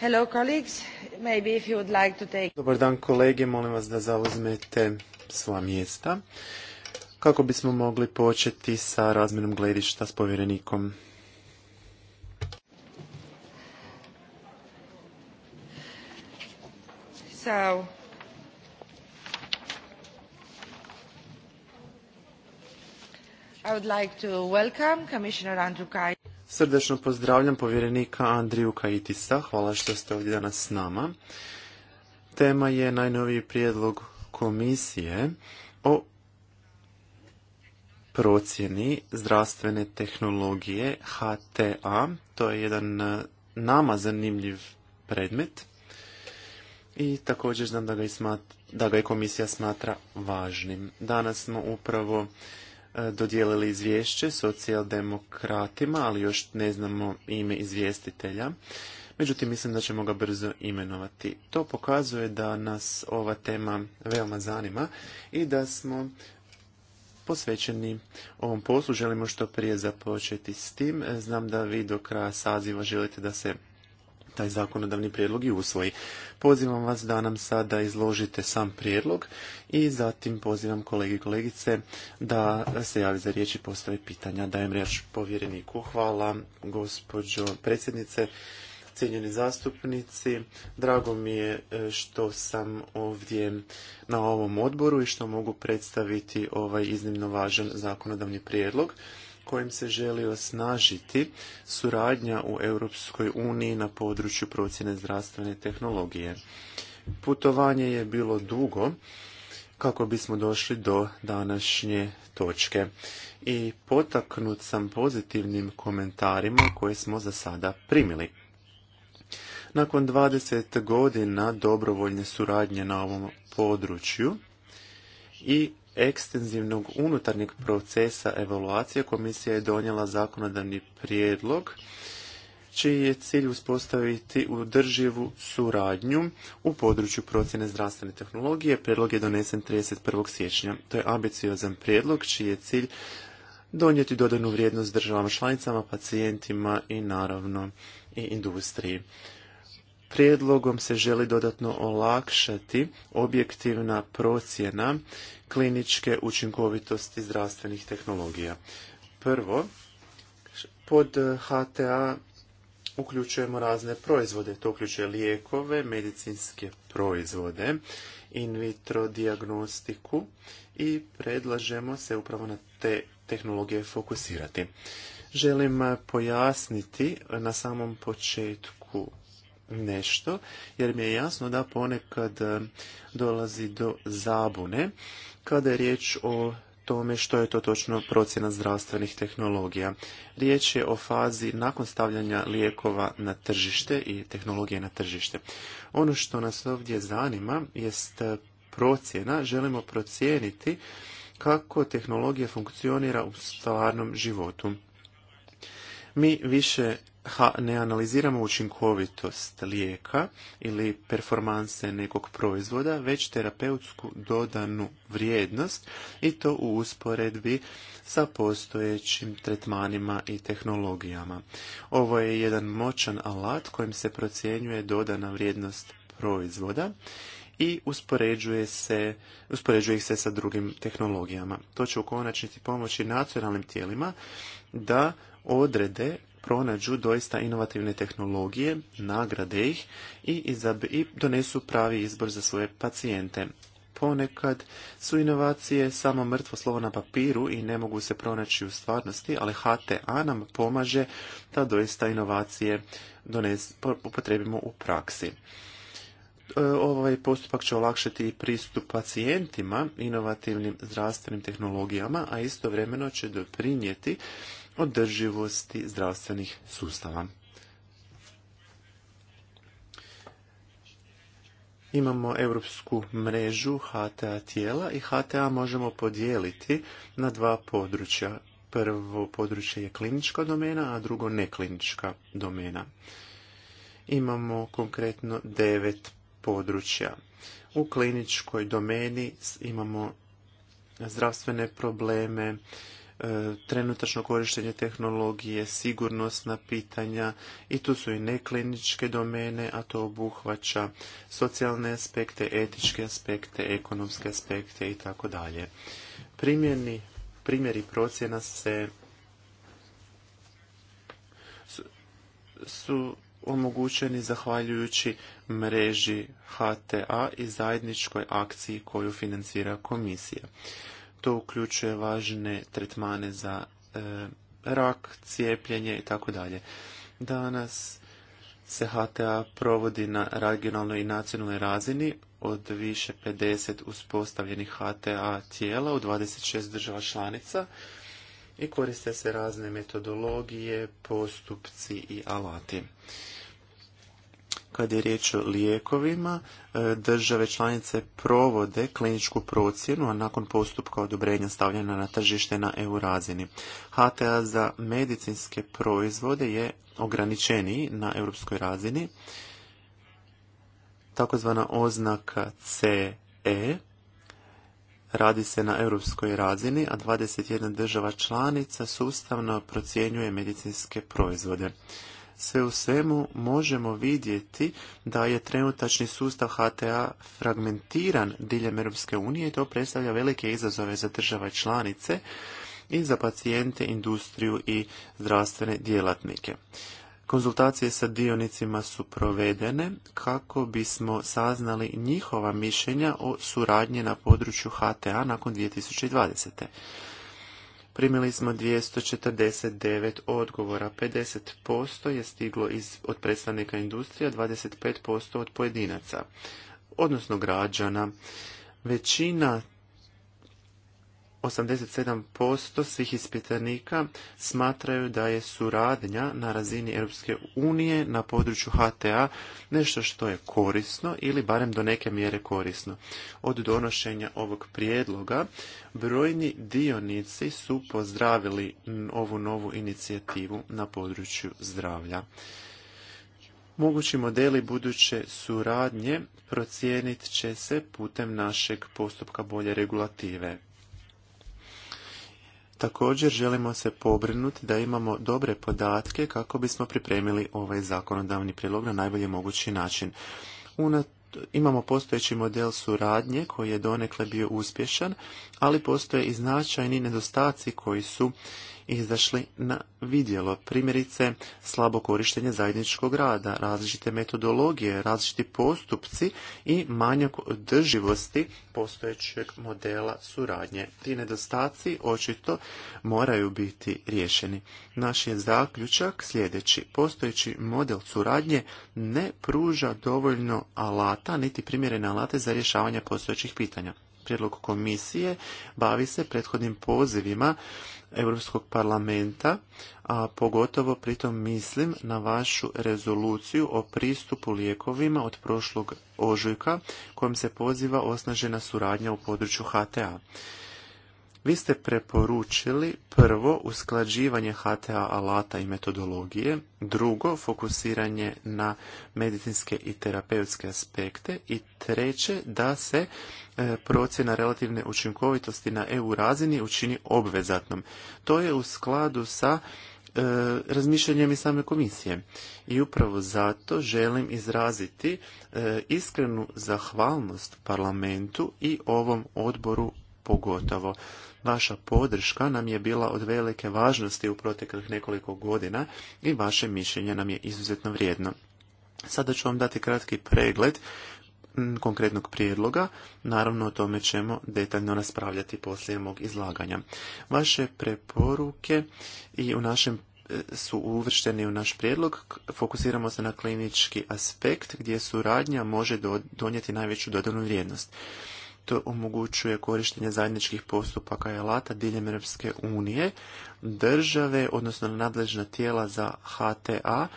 Hello colleagues, maybe if you would like to take... Dobar dan kolege, molim vas da zauzmete sva mjesta kako bismo mogli početi sa razmjenom gledišta s povjerenikom. So, I would like to welcome Commissioner Andrew Kajs. Srdečno pozdravljam povjerenika Andriju Kajitisa. Hvala što ste ovdje danas s nama. Tema je najnoviji prijedlog komisije o procjeni zdravstvene tehnologije HTA. To je jedan e, nama zanimljiv predmet i također znam da ga je komisija smatra važnim. Danas smo upravo E, dodijelili izvješće socijaldemokratima, ali još ne znamo ime izvjestitelja. Međutim, mislim da ćemo ga brzo imenovati. To pokazuje da nas ova tema veoma zanima i da smo posvećeni ovom poslu. Želimo što prije započeti s tim. Znam da vi do kraja saziva želite da se taj zakonodavni prijedlog i usvoji. Pozivam vas da nam sada izložite sam prijedlog i zatim pozivam kolege i kolegice da se javi za riječ i postave pitanja. Dajem riječ povjereniku. Hvala gospođo predsjednice. Cijenjeni zastupnici, drago mi je e, što sam ovdje na ovom odboru i što mogu predstaviti ovaj iznimno važan zakonodavni prijedlog kojim se želi osnažiti suradnja u Europskoj uniji na području procjene zdravstvene tehnologije. Putovanje je bilo dugo kako bismo došli do današnje točke i potaknut sam pozitivnim komentarima koje smo za sada primili. Nakon 20 godina dobrovoljne suradnje na ovom području i ekstenzivnog unutarnjeg procesa evaluacije komisija je donijela zakonodavni prijedlog čiji je cilj uspostaviti udrživu suradnju u području procjene zdravstvene tehnologije. Prijedlog je donesen 31. siječnja. To je ambiciozan prijedlog čiji je cilj donijeti dodanu vrijednost državama članicama, pacijentima i naravno i industriji. Prijedlogom se želi dodatno olakšati objektivna procjena kliničke učinkovitosti zdravstvenih tehnologija. Prvo, pod HTA uključujemo razne proizvode, to uključuje lijekove, medicinske proizvode, in vitro diagnostiku i predlažemo se upravo na te tehnologije fokusirati. Želim pojasniti na samom početku nešto, jer mi je jasno da ponekad e, dolazi do zabune kada je riječ o tome što je to točno procjena zdravstvenih tehnologija. Riječ je o fazi nakon stavljanja lijekova na tržište i tehnologije na tržište. Ono što nas ovdje zanima jest e, procjena, želimo procijeniti kako tehnologija funkcionira u stvarnom životu. Mi više ne analiziramo učinkovitost lijeka ili performanse nekog proizvoda, već terapeutsku dodanu vrijednost i to u usporedbi sa postojećim tretmanima i tehnologijama. Ovo je jedan moćan alat kojim se procjenjuje dodana vrijednost proizvoda i uspoređuje, se, uspoređuje ih se sa drugim tehnologijama. To će u konačnici pomoći nacionalnim tijelima da odrede pronađu doista inovativne tehnologije, nagrade ih i donesu pravi izbor za svoje pacijente. Ponekad su inovacije samo mrtvo slovo na papiru i ne mogu se pronaći u stvarnosti, ali HTA nam pomaže da doista inovacije upotrebimo u praksi. E, ovaj postupak će olakšati pristup pacijentima inovativnim zdravstvenim tehnologijama, a istovremeno će doprinijeti održivosti zdravstvenih sustava. Imamo europsku mrežu HTA tijela i HTA možemo podijeliti na dva područja. Prvo područje je klinička domena, a drugo neklinička domena. Imamo konkretno devet područja. U kliničkoj domeni imamo zdravstvene probleme, E, trenutačno korištenje tehnologije, sigurnosna pitanja i tu su i nekliničke domene, a to obuhvaća socijalne aspekte, etičke aspekte, ekonomske aspekte i tako dalje. Primjeni, primjeri procjena se su omogućeni zahvaljujući mreži HTA i zajedničkoj akciji koju financira komisija. To uključuje važne tretmane za e, rak, cijepljenje i tako dalje. Danas se HTA provodi na regionalnoj i nacionalnoj razini od više 50 uspostavljenih HTA tijela u 26 država članica i koriste se razne metodologije, postupci i alati kad je riječ o lijekovima, e, države članice provode kliničku procjenu, a nakon postupka odobrenja stavljena na tržište na EU razini. HTA za medicinske proizvode je ograničeniji na europskoj razini, takozvana oznaka CE, radi se na europskoj razini, a 21 država članica sustavno procjenjuje medicinske proizvode sve u svemu možemo vidjeti da je trenutačni sustav HTA fragmentiran diljem Europske unije i to predstavlja velike izazove za države članice i za pacijente, industriju i zdravstvene djelatnike. Konzultacije sa dionicima su provedene kako bismo saznali njihova mišljenja o suradnji na području HTA nakon 2020 primili smo 249 odgovora. 50% je stiglo iz, od predstavnika industrija, 25% od pojedinaca, odnosno građana. Većina 87% svih ispitanika smatraju da je suradnja na razini Europske unije na području HTA nešto što je korisno ili barem do neke mjere korisno. Od donošenja ovog prijedloga brojni dionici su pozdravili ovu novu inicijativu na području zdravlja. Mogući modeli buduće suradnje procijenit će se putem našeg postupka bolje regulative. Također želimo se pobrinuti da imamo dobre podatke kako bismo pripremili ovaj zakonodavni prijedlog na najbolji mogući način. imamo postojeći model suradnje koji je donekle bio uspješan, ali postoje i značajni nedostaci koji su izašli na vidjelo. Primjerice, slabo korištenje zajedničkog rada, različite metodologije, različiti postupci i manjak održivosti postojećeg modela suradnje. Ti nedostaci očito moraju biti riješeni. Naš je zaključak sljedeći. Postojeći model suradnje ne pruža dovoljno alata, niti primjerene alate za rješavanje postojećih pitanja prijedlog komisije bavi se prethodnim pozivima Europskog parlamenta, a pogotovo pritom mislim na vašu rezoluciju o pristupu lijekovima od prošlog ožujka kojom se poziva osnažena suradnja u području HTA. Vi ste preporučili prvo usklađivanje HTA alata i metodologije, drugo fokusiranje na medicinske i terapeutske aspekte i treće da se e, procjena relativne učinkovitosti na EU razini učini obvezatnom. To je u skladu sa e, razmišljanjem i same komisije. I upravo zato želim izraziti e, iskrenu zahvalnost parlamentu i ovom odboru pogotovo. Vaša podrška nam je bila od velike važnosti u proteklih nekoliko godina i vaše mišljenje nam je izuzetno vrijedno. Sada ću vam dati kratki pregled konkretnog prijedloga, naravno o tome ćemo detaljno raspravljati poslije mog izlaganja. Vaše preporuke i u našem e, su uvršteni u naš prijedlog. Fokusiramo se na klinički aspekt gdje suradnja može donijeti najveću dodanu vrijednost. To omogućuje korištenje zajedničkih postupaka i alata diljem Europske unije. Države, odnosno nadležna tijela za HTA,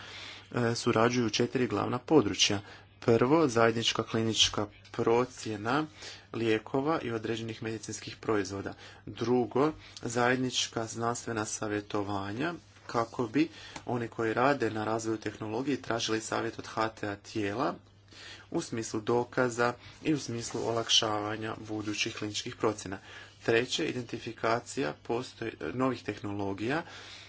e, surađuju u četiri glavna područja. Prvo, zajednička klinička procjena lijekova i određenih medicinskih proizvoda. Drugo, zajednička znanstvena savjetovanja kako bi oni koji rade na razvoju tehnologije tražili savjet od HTA tijela u smislu dokaza i u smislu olakšavanja budućih kliničkih procjena. Treće, identifikacija postoji, novih tehnologija,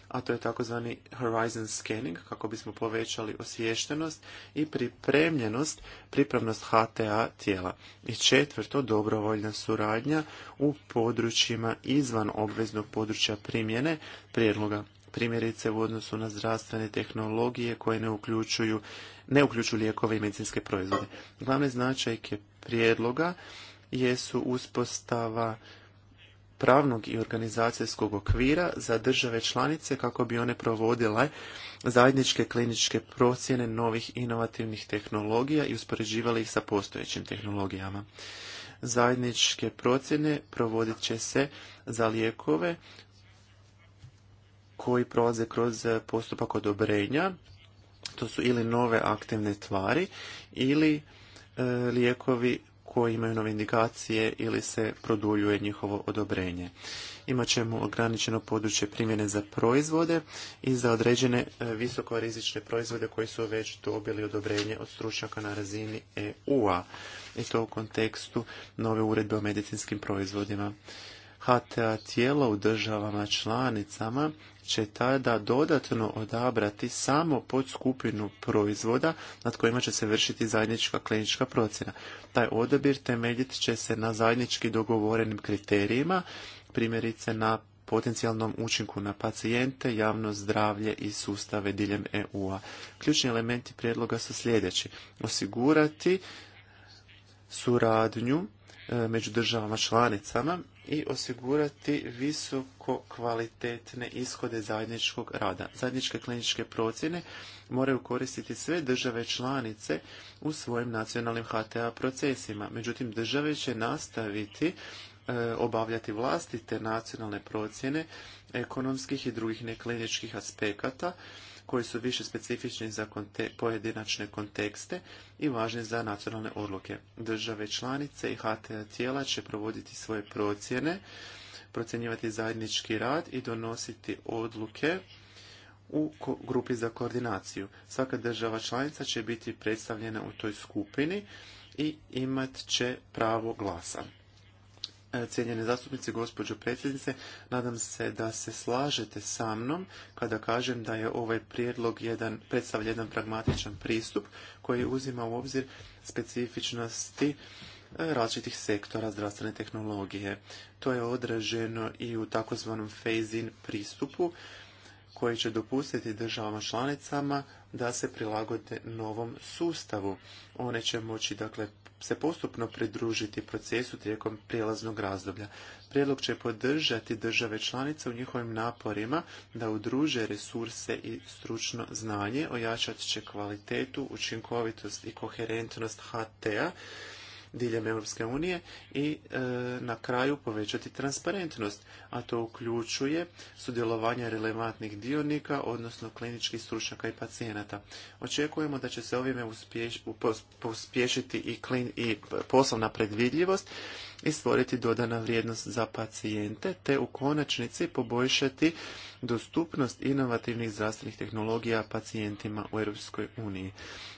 a to je takozvani horizon scanning, kako bismo povećali osviještenost i pripremljenost, pripravnost HTA tijela. I četvrto, dobrovoljna suradnja u područjima izvan obveznog područja primjene prijedloga primjerice u odnosu na zdravstvene tehnologije koje ne uključuju, ne uključuju lijekove i medicinske proizvode. Glavne značajke prijedloga jesu uspostava pravnog i organizacijskog okvira za države članice kako bi one provodile zajedničke kliničke procjene novih inovativnih tehnologija i uspoređivali ih sa postojećim tehnologijama. Zajedničke procjene provodit će se za lijekove koji prolaze kroz eh, postupak odobrenja, to su ili nove aktivne tvari ili eh, lijekovi koji imaju nove indikacije ili se produljuje njihovo odobrenje. ćemo ograničeno područje primjene za proizvode i za određene eh, visokorizične proizvode koji su već dobili odobrenje od stručnjaka na razini EU-a i to u kontekstu nove uredbe o medicinskim proizvodima. HTA tijelo u državama članicama će tada dodatno odabrati samo pod skupinu proizvoda nad kojima će se vršiti zajednička klinička procjena. Taj odabir temeljit će se na zajednički dogovorenim kriterijima, primjerice na potencijalnom učinku na pacijente, javno zdravlje i sustave diljem EU-a. Ključni elementi prijedloga su sljedeći. Osigurati suradnju e, među državama članicama i osigurati visoko kvalitetne ishode zajedničkog rada. Zajedničke kliničke procjene moraju koristiti sve države članice u svojim nacionalnim HTA procesima. Međutim, države će nastaviti e, obavljati vlastite nacionalne procjene ekonomskih i drugih nekliničkih aspekata koji su više specifični za pojedinačne kontekste i važni za nacionalne odluke. Države članice i HTA tijela će provoditi svoje procjene, procjenjivati zajednički rad i donositi odluke u grupi za koordinaciju. Svaka država članica će biti predstavljena u toj skupini i imat će pravo glasa. E, cijenjene zastupnice, gospođo predsjednice, nadam se da se slažete sa mnom kada kažem da je ovaj prijedlog jedan, predstavlja jedan pragmatičan pristup koji uzima u obzir specifičnosti e, različitih sektora zdravstvene tehnologije. To je odraženo i u takozvanom phase-in pristupu koji će dopustiti državama članicama da se prilagode novom sustavu. One će moći dakle, se postupno pridružiti procesu tijekom prijelaznog razdoblja. Prijedlog će podržati države članice u njihovim naporima da udruže resurse i stručno znanje, ojačat će kvalitetu, učinkovitost i koherentnost HT-a diljem Europske unije i e, na kraju povećati transparentnost, a to uključuje sudjelovanje relevantnih dionika, odnosno kliničkih stručnjaka i pacijenata. Očekujemo da će se ovime uspješiti i, i poslovna predvidljivost i stvoriti dodana vrijednost za pacijente, te u konačnici poboljšati dostupnost inovativnih zdravstvenih tehnologija pacijentima u Europskoj uniji.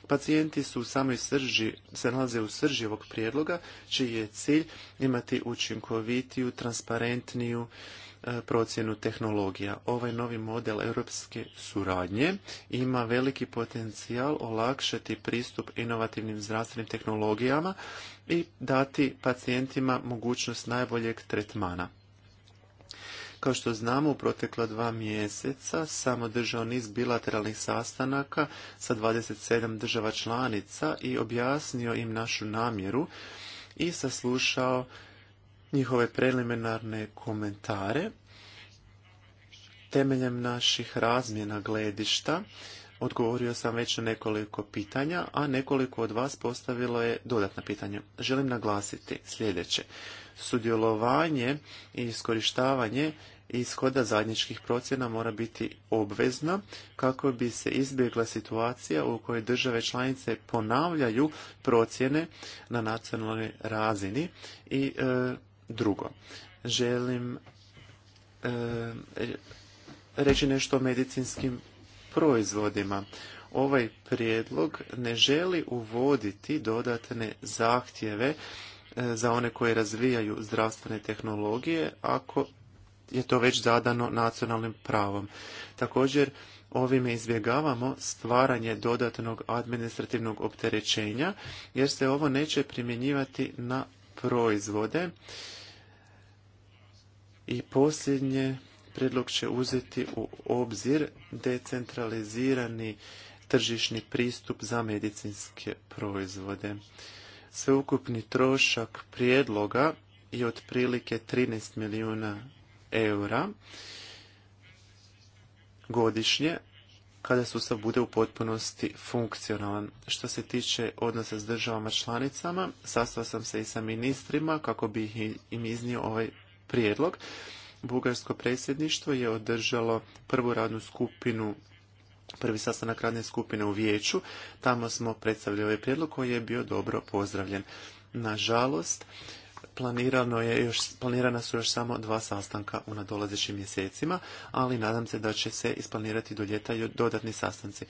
Pacijenti su u samoj srži, se nalaze u srži ovog prijedloga, čiji je cilj imati učinkovitiju, transparentniju E, procjenu tehnologija. Ovaj novi model europske suradnje ima veliki potencijal olakšati pristup inovativnim zdravstvenim tehnologijama i dati pacijentima mogućnost najboljeg tretmana. Kao što znamo, u protekla dva mjeseca sam održao niz bilateralnih sastanaka sa 27 država članica i objasnio im našu namjeru i saslušao njihove preliminarne komentare. Temeljem naših razmjena gledišta odgovorio sam već na nekoliko pitanja, a nekoliko od vas postavilo je dodatna pitanja. Želim naglasiti sljedeće. Sudjelovanje i iskorištavanje ishoda zadnjičkih procjena mora biti obvezna kako bi se izbjegla situacija u kojoj države članice ponavljaju procjene na nacionalnoj razini i e, Drugo, želim eh, reći nešto o medicinskim proizvodima. Ovaj prijedlog ne želi uvoditi dodatne zahtjeve eh, za one koje razvijaju zdravstvene tehnologije ako je to već zadano nacionalnim pravom. Također, ovime izbjegavamo stvaranje dodatnog administrativnog opterećenja jer se ovo neće primjenjivati na proizvode i posljednje, predlog će uzeti u obzir decentralizirani tržišni pristup za medicinske proizvode. Sveukupni trošak prijedloga je otprilike 13 milijuna eura godišnje kada sustav bude u potpunosti funkcionalan. Što se tiče odnosa s državama članicama, sastao sam se i sa ministrima kako bih im iznio ovaj prijedlog. Bugarsko predsjedništvo je održalo prvu radnu skupinu prvi sastanak radne skupine u vijeću. Tamo smo predstavili ovaj prijedlog koji je bio dobro pozdravljen. Nažalost, planirano je još, planirana su još samo dva sastanka u nadolazećim mjesecima, ali nadam se da će se isplanirati do ljeta i dodatni sastanci.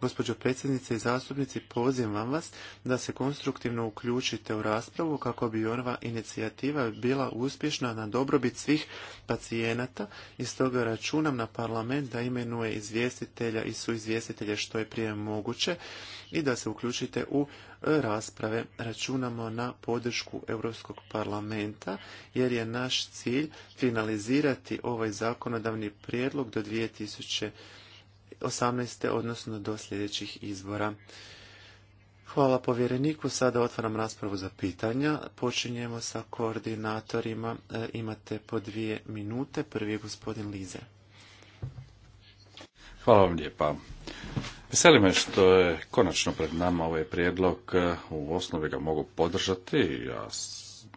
Gospođo predsjednice i zastupnici, pozivam vas da se konstruktivno uključite u raspravu kako bi ova inicijativa bila uspješna na dobrobit svih pacijenata i stoga računam na parlament da imenuje izvjestitelja i suizvjestitelje što je prije moguće i da se uključite u rasprave računamo na podršku Europskog parlamenta jer je naš cilj finalizirati ovaj zakonodavni prijedlog do 2018. odnosno do sljedećih izbora. Hvala povjereniku. Sada otvaram raspravu za pitanja. Počinjemo sa koordinatorima. E, imate po dvije minute. Prvi je gospodin Lize. Hvala vam lijepa. Veseli me što je konačno pred nama ovaj prijedlog. E, u osnovi ga mogu podržati. Ja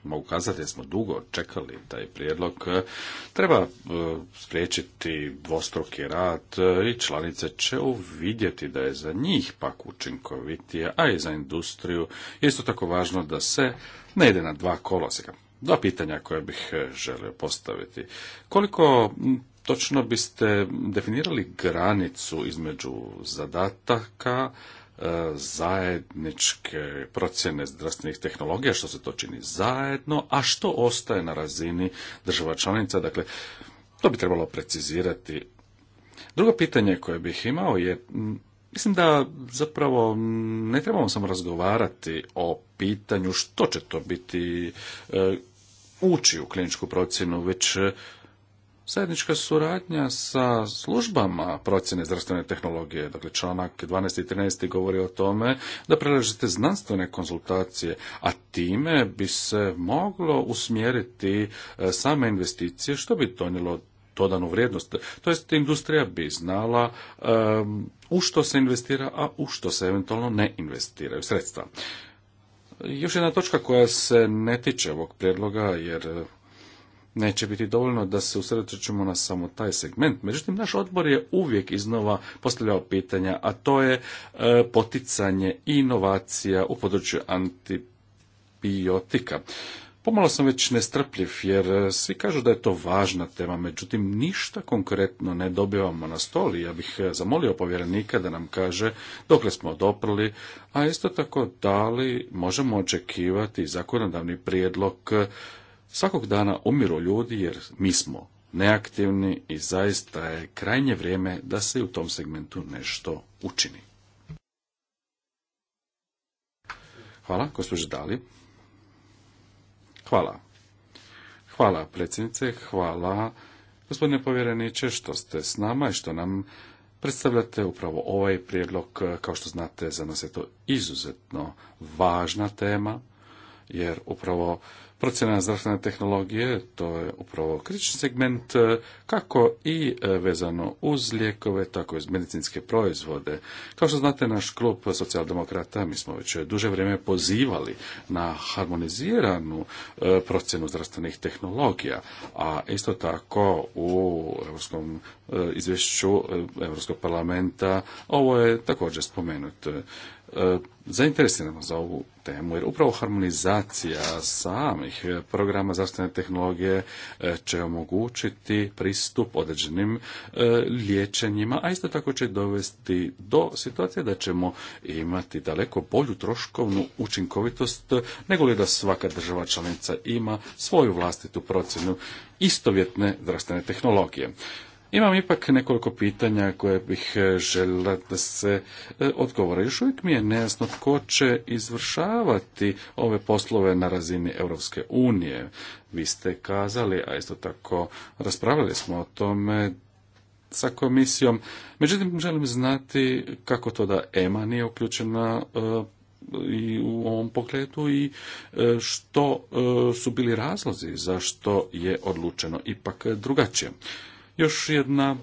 mogu kazati da smo dugo čekali taj prijedlog. E, treba e, spriječiti dvostruki rad i članice će uvidjeti da je za njih pak učinkovitije, a i za industriju. Isto tako važno da se ne ide na dva koloseka. Dva pitanja koje bih želio postaviti. Koliko točno biste definirali granicu između zadataka, e, zajedničke procjene zdravstvenih tehnologija, što se to čini zajedno, a što ostaje na razini država članica. Dakle, to bi trebalo precizirati. Drugo pitanje koje bih imao je, mislim da zapravo ne trebamo samo razgovarati o pitanju što će to biti e, ući u kliničku procjenu, već zajednička suradnja sa službama procjene zdravstvene tehnologije, dakle članak 12. i 13. govori o tome da prelažete znanstvene konzultacije, a time bi se moglo usmjeriti e, same investicije što bi donijelo dodanu vrijednost. To jest industrija bi znala u što se investira, a u što se eventualno ne investiraju sredstva. Još jedna točka koja se ne tiče ovog prijedloga, jer neće biti dovoljno da se usredotočimo na samo taj segment. Međutim, naš odbor je uvijek iznova postavljao pitanja, a to je e, poticanje inovacija u području antibiotika. Pomalo sam već nestrpljiv jer svi kažu da je to važna tema, međutim ništa konkretno ne dobivamo na stoli. Ja bih e, zamolio povjerenika da nam kaže dokle smo odoprli, a isto tako da li možemo očekivati zakonodavni prijedlog Svakog dana umiru ljudi jer mi smo neaktivni i zaista je krajnje vrijeme da se u tom segmentu nešto učini. Hvala, gospođo Dali. Hvala. Hvala predsjednice, hvala gospodine povjereniče što ste s nama i što nam predstavljate upravo ovaj prijedlog. Kao što znate, za nas je to izuzetno važna tema, jer upravo procjena zdravstvene tehnologije, to je upravo kritični segment e, kako i e, vezano uz lijekove, tako i uz medicinske proizvode. Kao što znate, naš klub socijaldemokrata, mi smo već duže vrijeme pozivali na harmoniziranu e, procjenu zdravstvenih tehnologija, a isto tako u Europskom izvješću Europskog parlamenta ovo je također spomenuto. E, zainteresirano za ovu temu, jer upravo harmonizacija samih programa zdravstvene tehnologije e, će omogućiti pristup određenim e, liječenjima, a isto tako će dovesti do situacije da ćemo imati daleko bolju troškovnu učinkovitost nego li da svaka država članica ima svoju vlastitu procjenu istovjetne zdravstvene tehnologije. Imam ipak nekoliko pitanja koje bih e, željela da se e, odgovore. Još uvijek mi je nejasno tko će izvršavati ove poslove na razini Europske unije. Vi ste kazali, a isto tako raspravili smo o tome sa komisijom. Međutim, želim znati kako to da EMA nije uključena e, i u ovom pogledu i što su bili razlozi zašto je odlučeno ipak drugačije. Još jedna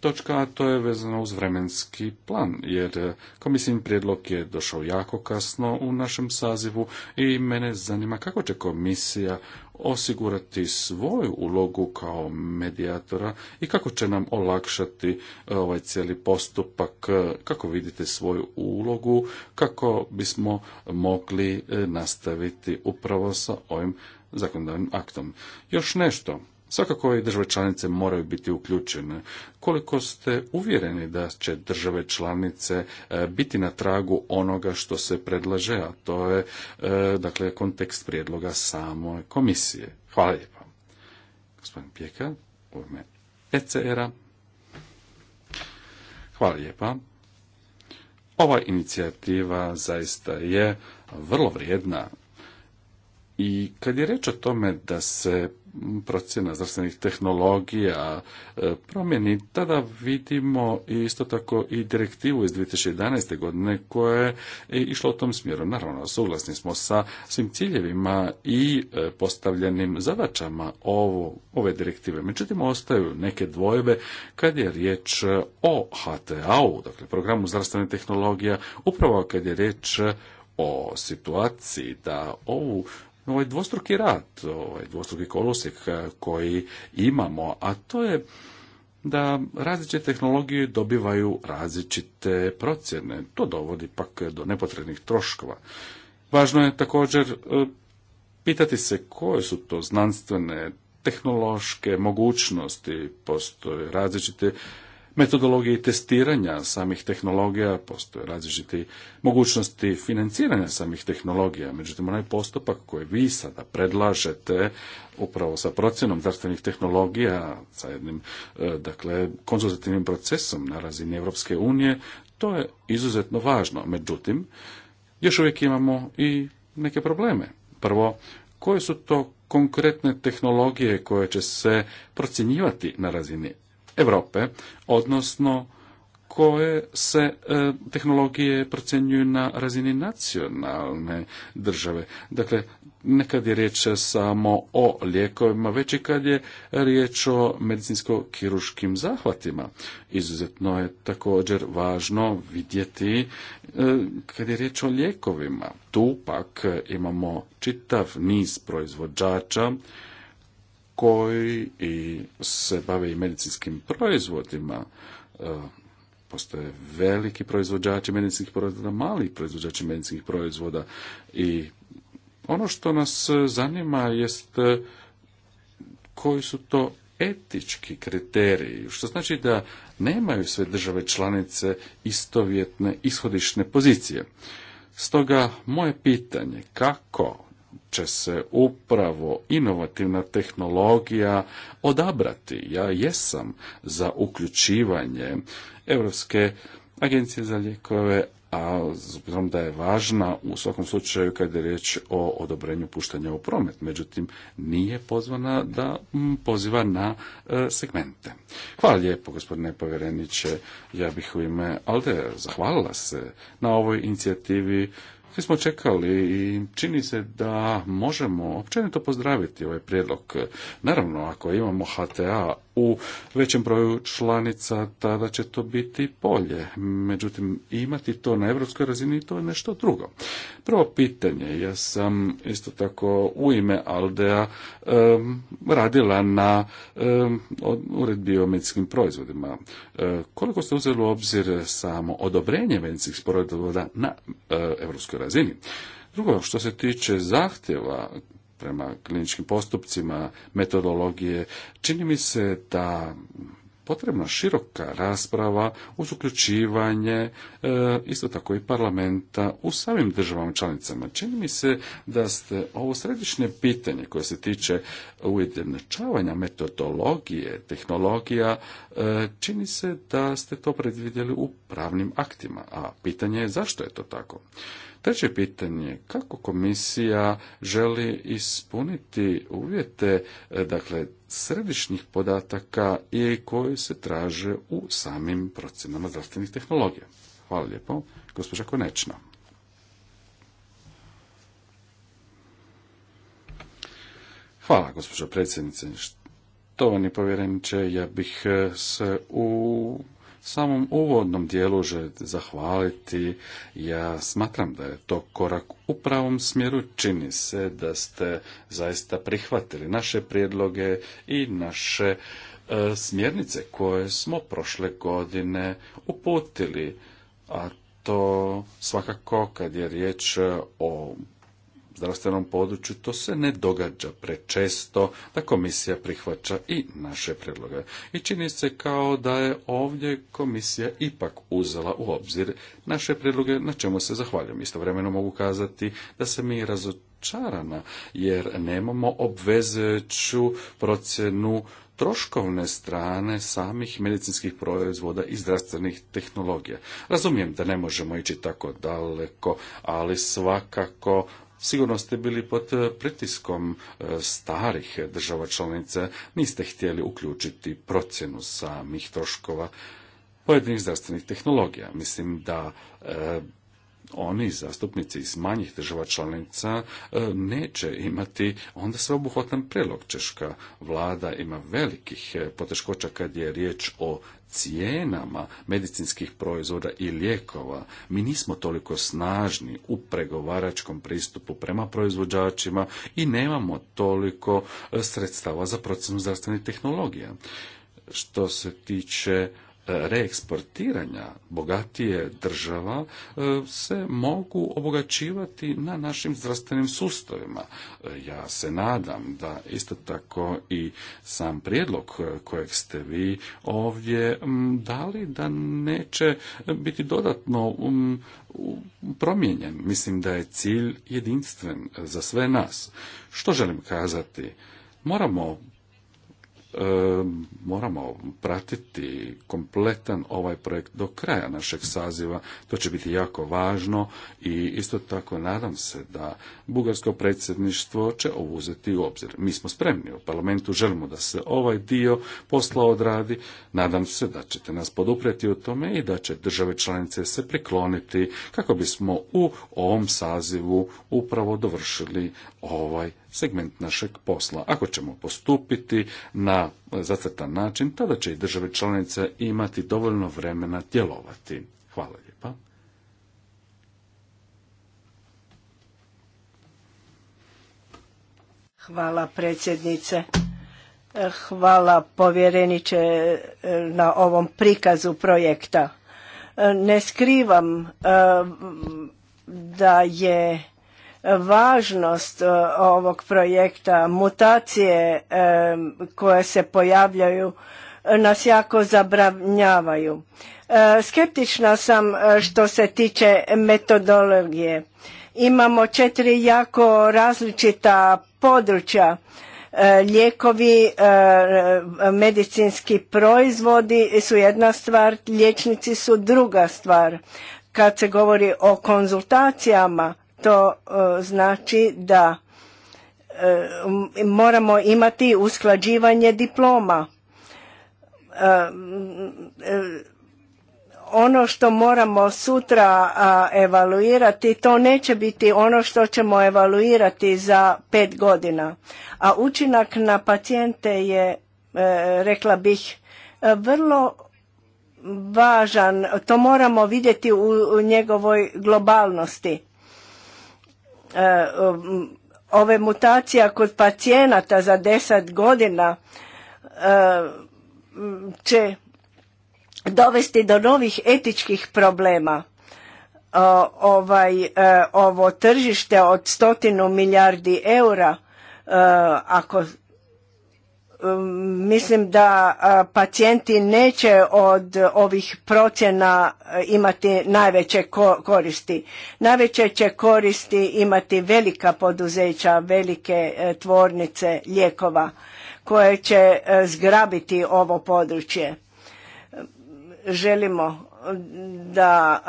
točka, a to je vezano uz vremenski plan, jer komisijin prijedlog je došao jako kasno u našem sazivu i mene zanima kako će komisija osigurati svoju ulogu kao medijatora i kako će nam olakšati e, ovaj cijeli postupak, e, kako vidite svoju ulogu, kako bismo mogli e, nastaviti upravo sa ovim zakonodavnim aktom. Još nešto, Svakako i države članice moraju biti uključene. Koliko ste uvjereni da će države članice e, biti na tragu onoga što se predlaže, a to je e, dakle kontekst prijedloga same komisije. Hvala lijepa. Gospodin Pjeka, u ime ECR-a. Hvala lijepa. Ova inicijativa zaista je vrlo vrijedna i kad je reč o tome da se procjena zdravstvenih tehnologija e, promjeni, tada vidimo isto tako i direktivu iz 2011. godine koja je išla u tom smjeru. Naravno, suglasni smo sa svim ciljevima i e, postavljenim zadaćama ove direktive. Međutim, ostaju neke dvojbe kad je riječ o HTA-u, dakle programu zdravstvenih tehnologija, upravo kad je riječ o situaciji da ovu ovaj dvostruki rad, ovaj dvostruki kolosek eh, koji imamo, a to je da različite tehnologije dobivaju različite procjene. To dovodi pak do nepotrebnih troškova. Važno je također eh, pitati se koje su to znanstvene tehnološke mogućnosti, postoje različite metodologije testiranja samih tehnologija, postoje različiti mogućnosti financiranja samih tehnologija. Međutim, onaj postupak koji vi sada predlažete upravo sa procjenom zdravstvenih tehnologija, sa jednim e, dakle, konzultativnim procesom na razini Europske unije, to je izuzetno važno. Međutim, još uvijek imamo i neke probleme. Prvo, koje su to konkretne tehnologije koje će se procjenjivati na razini Europe, odnosno koje se e, tehnologije procjenjuju na razini nacionalne države. Dakle, nekad je riječ samo o lijekovima, već i kad je riječ o medicinsko-kiruškim zahvatima. Izuzetno je također važno vidjeti e, kad je riječ o lijekovima. Tu pak imamo čitav niz proizvođača koji i se bave i medicinskim proizvodima. E, postoje veliki proizvođači medicinskih proizvoda, mali proizvođači medicinskih proizvoda i ono što nas zanima jest e, koji su to etički kriteriji, što znači da nemaju sve države članice istovjetne ishodišne pozicije. Stoga moje pitanje kako će se upravo inovativna tehnologija odabrati. Ja jesam za uključivanje Europske agencije za lijekove, a zbog da je važna u svakom slučaju kada je riječ o odobrenju puštanja u promet. Međutim, nije pozvana da poziva na e, segmente. Hvala lijepo, gospodine povjereniče. Ja bih u ime Alde zahvalila se na ovoj inicijativi svi smo čekali i čini se da možemo općenito pozdraviti ovaj prijedlog. Naravno, ako imamo HTA u većem broju članica, tada će to biti bolje. Međutim, imati to na europskoj razini to je nešto drugo. Prvo pitanje, ja sam isto tako u ime Aldea radila na um, uredbi o medicinskim proizvodima. E, koliko ste uzeli u obzir samo odobrenje medicinskih proizvoda na europskoj razini? Drugo, što se tiče zahtjeva prema kliničkim postupcima, metodologije. Čini mi se da potrebna široka rasprava uz uključivanje e, isto tako i parlamenta u samim državama članicama. Čini mi se da ste ovo središnje pitanje koje se tiče ujednačavanja metodologije, tehnologija, e, čini se da ste to predvidjeli u pravnim aktima, a pitanje je zašto je to tako. Treće pitanje, kako komisija želi ispuniti uvjete, e, dakle, središnjih podataka i koji se traže u samim procjenama zdravstvenih tehnologija? Hvala lijepo, gospođa Konečna. Hvala, gospođo predsjednice. Štovani povjereniče, ja bih e, se u samom uvodnom dijelu želite zahvaliti. Ja smatram da je to korak u pravom smjeru. Čini se da ste zaista prihvatili naše prijedloge i naše e, smjernice koje smo prošle godine uputili, a to svakako kad je riječ o zdravstvenom području, to se ne događa prečesto da komisija prihvaća i naše predloge. I čini se kao da je ovdje komisija ipak uzela u obzir naše predloge, na čemu se zahvaljujem. Istovremeno mogu kazati da se mi razočarana, jer nemamo obvezujuću procjenu troškovne strane samih medicinskih proizvoda i zdravstvenih tehnologija. Razumijem da ne možemo ići tako daleko, ali svakako sigurno ste bili pod eh, pritiskom eh, starih država članica, niste htjeli uključiti procjenu samih troškova pojedinih zdravstvenih tehnologija. Mislim da eh, oni zastupnici iz manjih država članica neće imati onda sveobuhvatan prilog. Češka vlada ima velikih poteškoća kad je riječ o cijenama medicinskih proizvoda i lijekova, mi nismo toliko snažni u pregovaračkom pristupu prema proizvođačima i nemamo toliko e, sredstava za procjenu zdravstvenih tehnologija. Što se tiče reeksportiranja bogatije država e, se mogu obogaćivati na našim zdravstvenim sustavima. E, ja se nadam da isto tako i sam prijedlog kojeg ste vi ovdje dali da neće biti dodatno promijenjen. Mislim da je cilj jedinstven za sve nas. Što želim kazati? Moramo E, moramo pratiti kompletan ovaj projekt do kraja našeg saziva. To će biti jako važno i isto tako nadam se da bugarsko predsjedništvo će ovo uzeti u obzir. Mi smo spremni u parlamentu, želimo da se ovaj dio posla odradi. Nadam se da ćete nas podupreti u tome i da će države članice se prikloniti kako bismo u ovom sazivu upravo dovršili ovaj segment našeg posla. Ako ćemo postupiti na zacrtan način, tada će i države članice imati dovoljno vremena djelovati. Hvala lijepa. Hvala predsjednice. Hvala povjereniče na ovom prikazu projekta. Ne skrivam eh, da je važnost e, ovog projekta, mutacije e, koje se pojavljaju nas jako zabranjavaju. E, skeptična sam što se tiče metodologije. Imamo četiri jako različita područja. Lijekovi, medicinski proizvodi su jedna stvar, liječnici su druga stvar. Kad se govori o konzultacijama, to e, znači da e, moramo imati usklađivanje diploma. E, ono što moramo sutra evaluirati, to neće biti ono što ćemo evaluirati za pet godina. A učinak na pacijente je, rekla bih, vrlo važan. To moramo vidjeti u njegovoj globalnosti E, ove mutacija kod pacijenata za deset godina e, će dovesti do novih etičkih problema. E, ovaj, ovo tržište od stotinu milijardi eura, ako Um, mislim da pacijenti neće od ovih procjena imati najveće koristi. Najveće će koristi imati velika poduzeća, velike e, tvornice lijekova koje će e, zgrabiti ovo područje. Želimo da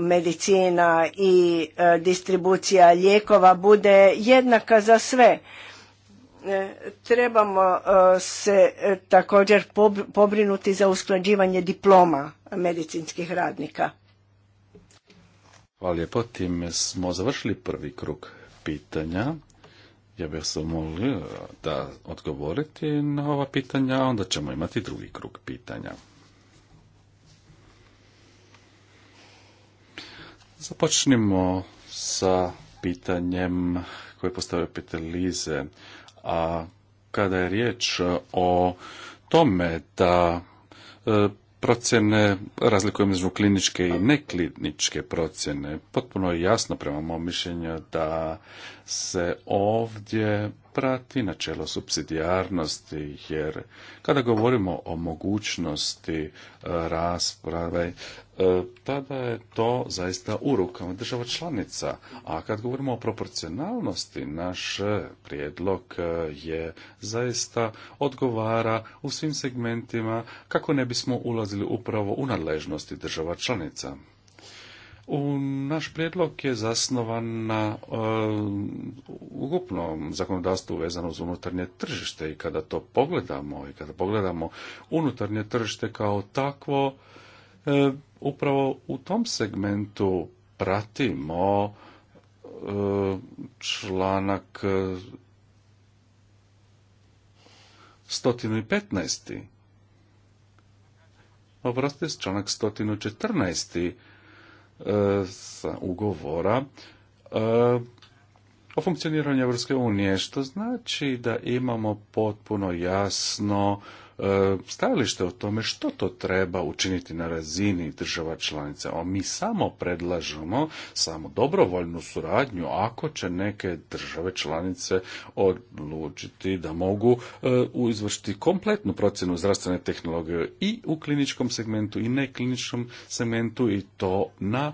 medicina i e, distribucija lijekova bude jednaka za sve E, trebamo e, se e, također pobrinuti za usklađivanje diploma medicinskih radnika. Hvala lijepo. Time smo završili prvi krug pitanja. Ja bih se molio da odgovorite na ova pitanja, onda ćemo imati drugi krug pitanja. Započnimo sa pitanjem koje postavio Peter Lize. A kada je riječ e, o tome da e, procjene razlikujem između kliničke i nekliničke procjene, potpuno je jasno prema mom mišljenju da se ovdje prati načelo subsidijarnosti, jer kada govorimo o mogućnosti e, rasprave, e, tada je to zaista u rukama država članica. A kad govorimo o proporcionalnosti, naš prijedlog e, je zaista odgovara u svim segmentima kako ne bismo ulazili upravo u nadležnosti država članica. U naš prijedlog je zasnovan na ugupnom e, ukupnom zakonodavstvu vezano uz unutarnje tržište i kada to pogledamo i kada pogledamo unutarnje tržište kao takvo, e, upravo u tom segmentu pratimo e, članak 115. Oprostite, članak 114 s ugovora e, o funkcioniranju Europske unije, što znači da imamo potpuno jasno E, stajalište o tome što to treba učiniti na razini država članica. mi samo predlažemo samo dobrovoljnu suradnju ako će neke države članice odlučiti da mogu e, izvršiti kompletnu procjenu zdravstvene tehnologije i u kliničkom segmentu i nekliničkom segmentu i to na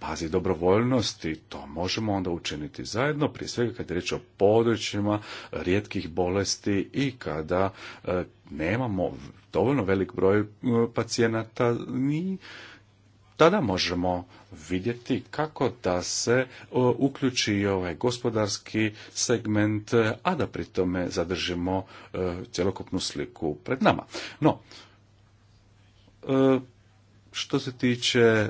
bazi dobrovoljnosti to možemo onda učiniti zajedno, prije svega kad je riječ o područjima rijetkih bolesti i kada e, nemamo dovoljno velik broj e, pacijenata ni tada možemo vidjeti kako da se e, uključi ovaj gospodarski segment, a da pri tome zadržimo cjelokupnu sliku pred nama. No, što se tiče e,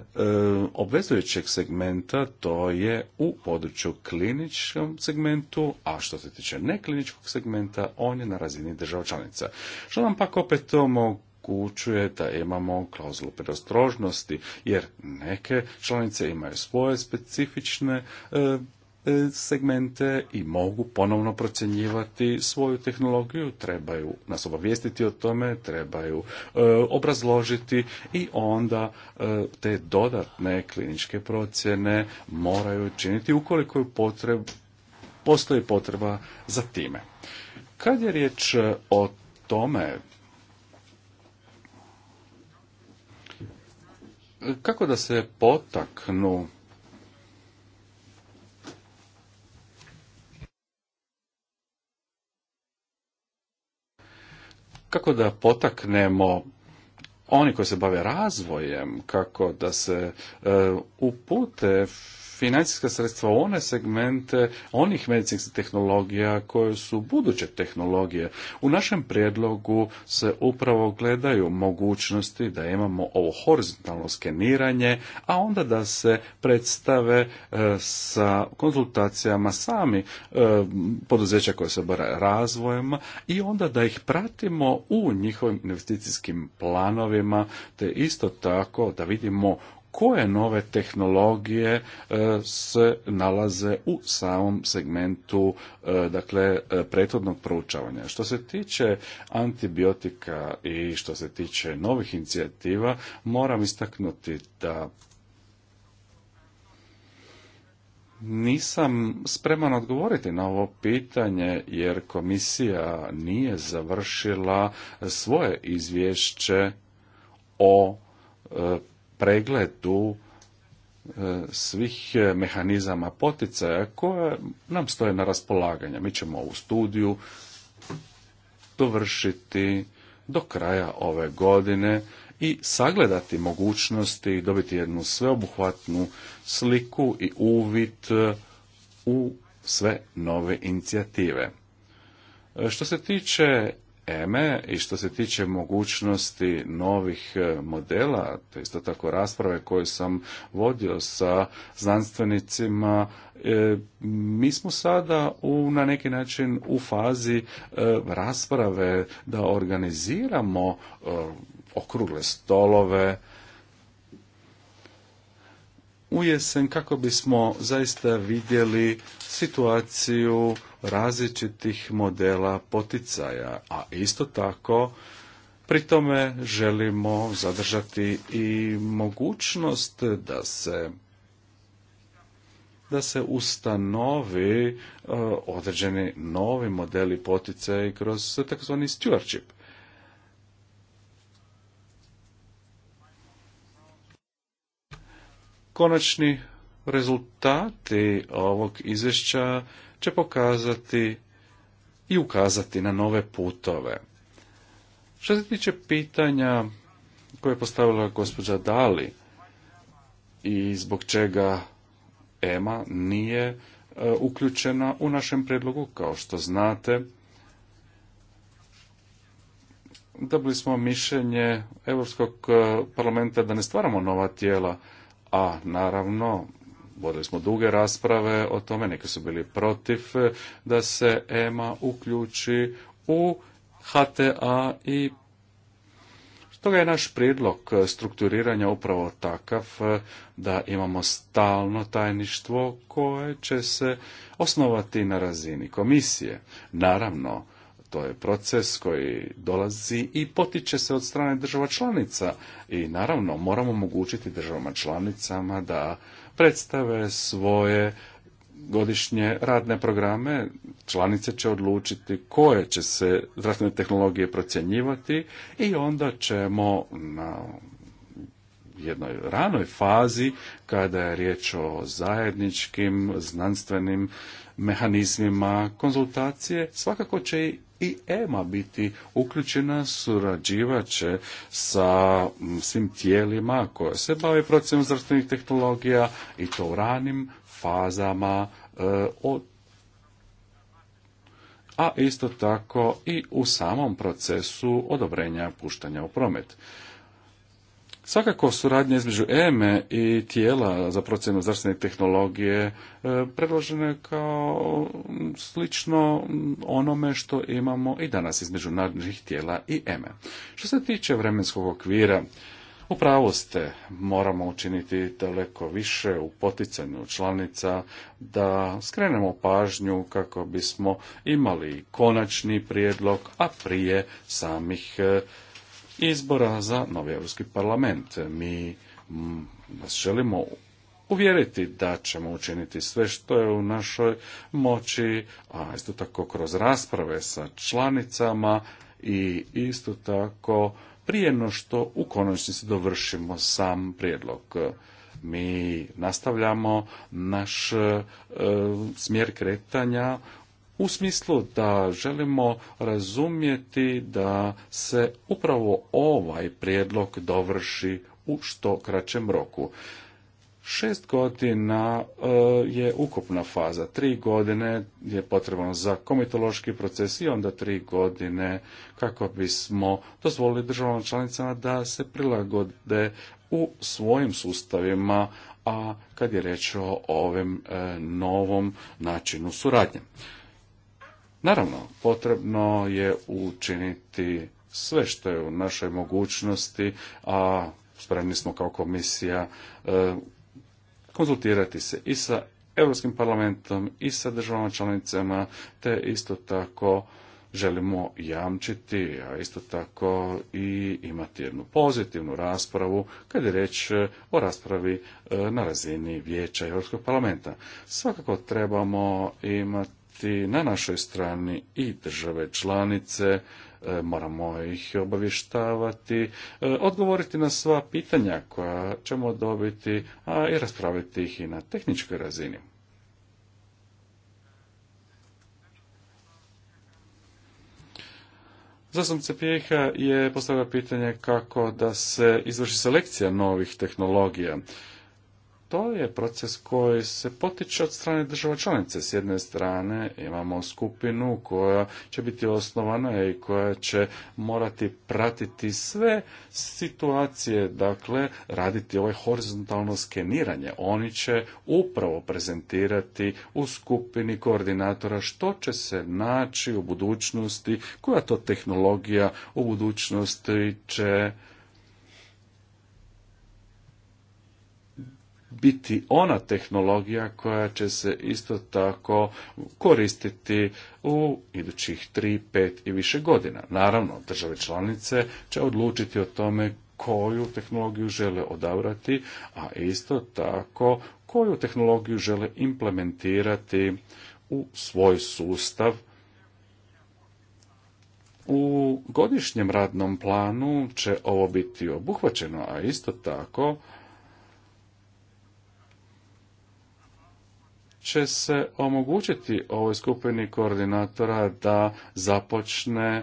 obvezujućeg segmenta, to je u području kliničkom segmentu, a što se tiče nekliničkog segmenta, on je na razini država članica. Što nam pak opet to omogućuje da imamo klauzulu predostrožnosti, jer neke članice imaju svoje specifične e, E, segmente i mogu ponovno procjenjivati svoju tehnologiju, trebaju nas obavijestiti o tome, trebaju e, obrazložiti i onda e, te dodatne kliničke procjene moraju činiti ukoliko je postoji potreba za time. Kad je riječ o tome kako da se potaknu kako da potaknemo oni koji se bave razvojem, kako da se e, upute financijska sredstva u one segmente onih medicinskih tehnologija koje su buduće tehnologije. U našem prijedlogu se upravo gledaju mogućnosti da imamo ovo horizontalno skeniranje, a onda da se predstave e, sa konzultacijama sami e, poduzeća koje se bora razvojem i onda da ih pratimo u njihovim investicijskim planovima, te isto tako da vidimo koje nove tehnologije e, se nalaze u samom segmentu e, dakle e, prethodnog proučavanja. Što se tiče antibiotika i što se tiče novih inicijativa, moram istaknuti da nisam spreman odgovoriti na ovo pitanje jer komisija nije završila svoje izvješće o pregledu e, svih e, mehanizama poticaja koje nam stoje na raspolaganju. Mi ćemo ovu studiju dovršiti do kraja ove godine i sagledati mogućnosti i dobiti jednu sveobuhvatnu sliku i uvid e, u sve nove inicijative. Što se tiče EME i što se tiče mogućnosti novih e, modela, to isto tako rasprave koje sam vodio sa znanstvenicima, e, mi smo sada u, na neki način u fazi e, rasprave da organiziramo okrugle stolove, u jesen kako bismo zaista vidjeli situaciju različitih modela poticaja, a isto tako pri tome želimo zadržati i mogućnost da se da se ustanovi e, određeni novi modeli poticaja kroz takozvani stewardship. Konačni rezultati ovog izvješća će pokazati i ukazati na nove putove. Što se tiče pitanja koje je postavila gospođa Dali i zbog čega EMA nije e, uključena u našem predlogu, kao što znate, dobili smo mišljenje Europskog e, parlamenta da ne stvaramo nova tijela, a naravno Vodili smo duge rasprave o tome, neki su bili protiv e, da se EMA uključi u HTA i Stoga je naš prijedlog strukturiranja upravo takav e, da imamo stalno tajništvo koje će se osnovati na razini komisije. Naravno, to je proces koji dolazi i potiče se od strane država članica i naravno moramo omogućiti državama članicama da predstave svoje godišnje radne programe, članice će odlučiti koje će se zdravstvene tehnologije procjenjivati i onda ćemo na jednoj ranoj fazi kada je riječ o zajedničkim znanstvenim mehanizmima konzultacije svakako će i i EMA biti uključena, surađivaće sa svim tijelima koje se bave procesom zdravstvenih tehnologija i to u ranim fazama e, a isto tako i u samom procesu odobrenja puštanja u promet. Svakako suradnja između EME i tijela za procjenu zdravstvene tehnologije e, predložena je kao slično onome što imamo i danas između nadležnih tijela i EME. Što se tiče vremenskog okvira, Upravo ste, moramo učiniti daleko više u poticanju članica da skrenemo pažnju kako bismo imali konačni prijedlog, a prije samih e, izbora za novi Europski parlament. Mi vas želimo uvjeriti da ćemo učiniti sve što je u našoj moći, a isto tako kroz rasprave sa članicama i isto tako prije no što u konačnici dovršimo sam prijedlog. Mi nastavljamo naš e, smjer kretanja u smislu da želimo razumjeti da se upravo ovaj prijedlog dovrši u što kraćem roku. Šest godina e, je ukupna faza, tri godine je potrebno za komitološki proces i onda tri godine kako bismo dozvolili državama članicama da se prilagode u svojim sustavima, a kad je reč o ovim e, novom načinu suradnje. Naravno, potrebno je učiniti sve što je u našoj mogućnosti, a spremni smo kao komisija e, konzultirati se i sa Europskim parlamentom i sa državama članicama, te isto tako želimo jamčiti, a isto tako i imati jednu pozitivnu raspravu kad je reč e, o raspravi e, na razini vijeća Europskog parlamenta. Svakako trebamo imati i na našoj strani i države članice, e, moramo ih obavještavati, e, odgovoriti na sva pitanja koja ćemo dobiti, a i raspraviti ih i na tehničkoj razini. Zastupnica Pijeha je postavila pitanje kako da se izvrši selekcija novih tehnologija to je proces koji se potiče od strane država članice. S jedne strane imamo skupinu koja će biti osnovana i koja će morati pratiti sve situacije, dakle raditi ovaj horizontalno skeniranje. Oni će upravo prezentirati u skupini koordinatora što će se naći u budućnosti, koja to tehnologija u budućnosti će biti ona tehnologija koja će se isto tako koristiti u idućih tri, pet i više godina. Naravno, države članice će odlučiti o tome koju tehnologiju žele odabrati, a isto tako koju tehnologiju žele implementirati u svoj sustav. U godišnjem radnom planu će ovo biti obuhvaćeno, a isto tako će se omogućiti ovoj skupini koordinatora da započne e,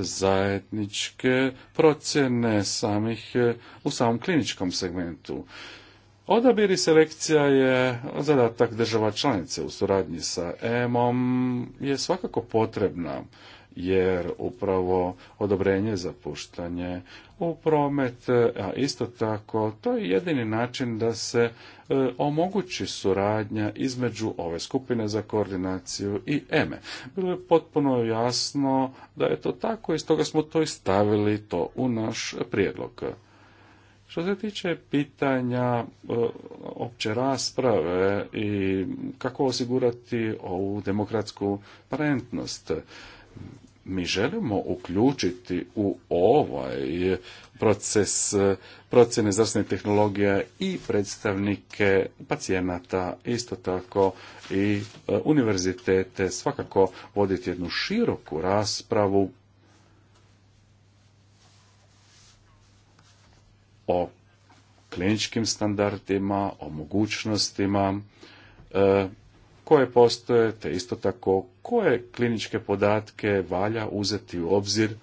zajedničke procjene samih e, u samom kliničkom segmentu. Odabir i selekcija je zadatak država članice u suradnji sa EMOM je svakako potrebna jer upravo odobrenje za puštanje u promet, a isto tako to je jedini način da se e, omogući suradnja između ove skupine za koordinaciju i EME. Bilo je potpuno jasno da je to tako i stoga smo to i stavili to u naš prijedlog. Što se tiče pitanja e, opće rasprave i kako osigurati ovu demokratsku parentnost, mi želimo uključiti u ovaj proces eh, procjene zdravstvene tehnologije i predstavnike pacijenata, isto tako i eh, univerzitete, svakako voditi jednu široku raspravu o kliničkim standardima, o mogućnostima, eh, koje postoje, te isto tako koje kliničke podatke valja uzeti u obzir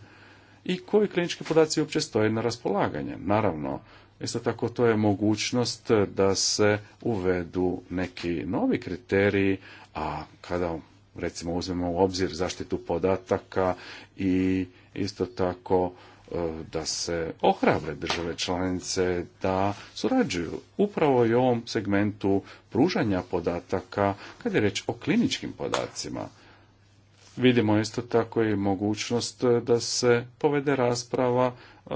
i koji klinički podaci uopće stoje na raspolaganje. Naravno, isto tako to je mogućnost da se uvedu neki novi kriteriji, a kada recimo uzmemo u obzir zaštitu podataka i isto tako da se ohrabre države članice da surađuju upravo i u ovom segmentu pružanja podataka kad je reč o kliničkim podacima Vidimo isto tako i mogućnost e, da se povede rasprava e,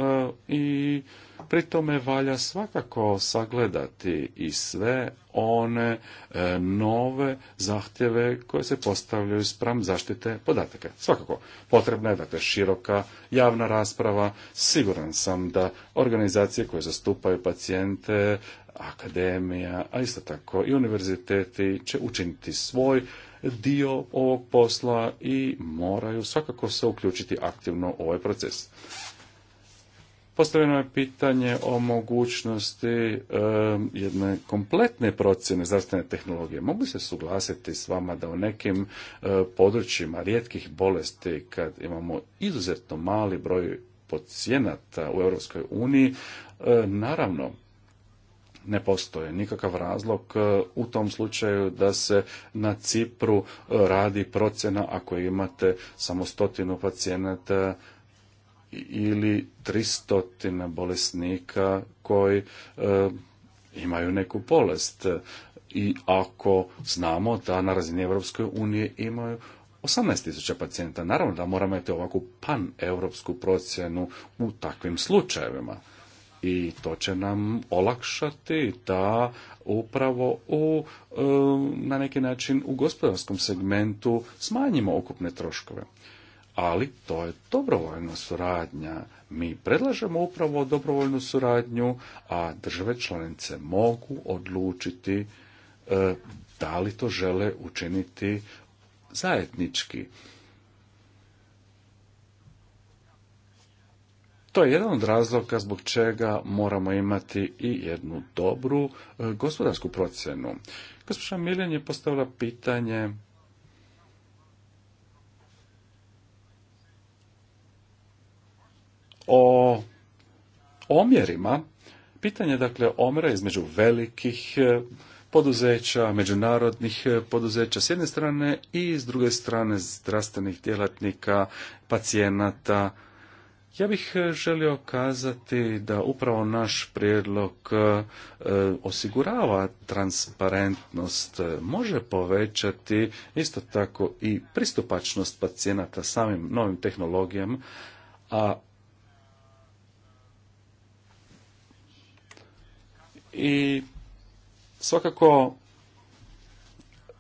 i pri tome valja svakako sagledati i sve one e, nove zahtjeve koje se postavljaju spram zaštite podataka. Svakako, potrebna je dakle široka javna rasprava. Siguran sam da organizacije koje zastupaju pacijente, akademija, a isto tako i univerziteti će učiniti svoj dio ovog posla i moraju svakako se uključiti aktivno u ovaj proces. Postavljeno je pitanje o mogućnosti jedne kompletne procjene zdravstvene tehnologije. Mogu se suglasiti s vama da u nekim e, područjima rijetkih bolesti, kad imamo izuzetno mali broj pacijenata u Europskoj uniji, e, naravno ne postoji nikakav razlog e, u tom slučaju da se na Cipru e, radi procjena ako imate samo stotinu pacijenata ili 300 bolesnika koji e, imaju neku bolest. I ako znamo da na razini EU unije imaju 18.000 pacijenta, naravno da moramo imati ovakvu pan-europsku procjenu u takvim slučajevima i to će nam olakšati da upravo u, na neki način u gospodarskom segmentu smanjimo ukupne troškove. Ali to je dobrovoljna suradnja. Mi predlažemo upravo dobrovoljnu suradnju, a države članice mogu odlučiti eh, da li to žele učiniti zajednički To je jedan od razloga zbog čega moramo imati i jednu dobru e, gospodarsku procjenu. Gospođa Miljan je postavila pitanje o omjerima. Pitanje dakle omjera između velikih e, poduzeća, međunarodnih e, poduzeća s jedne strane i s druge strane zdravstvenih djelatnika, pacijenata, ja bih e, želio kazati da upravo naš prijedlog e, osigurava transparentnost, e, može povećati isto tako i pristupačnost pacijenata samim novim tehnologijama, a i svakako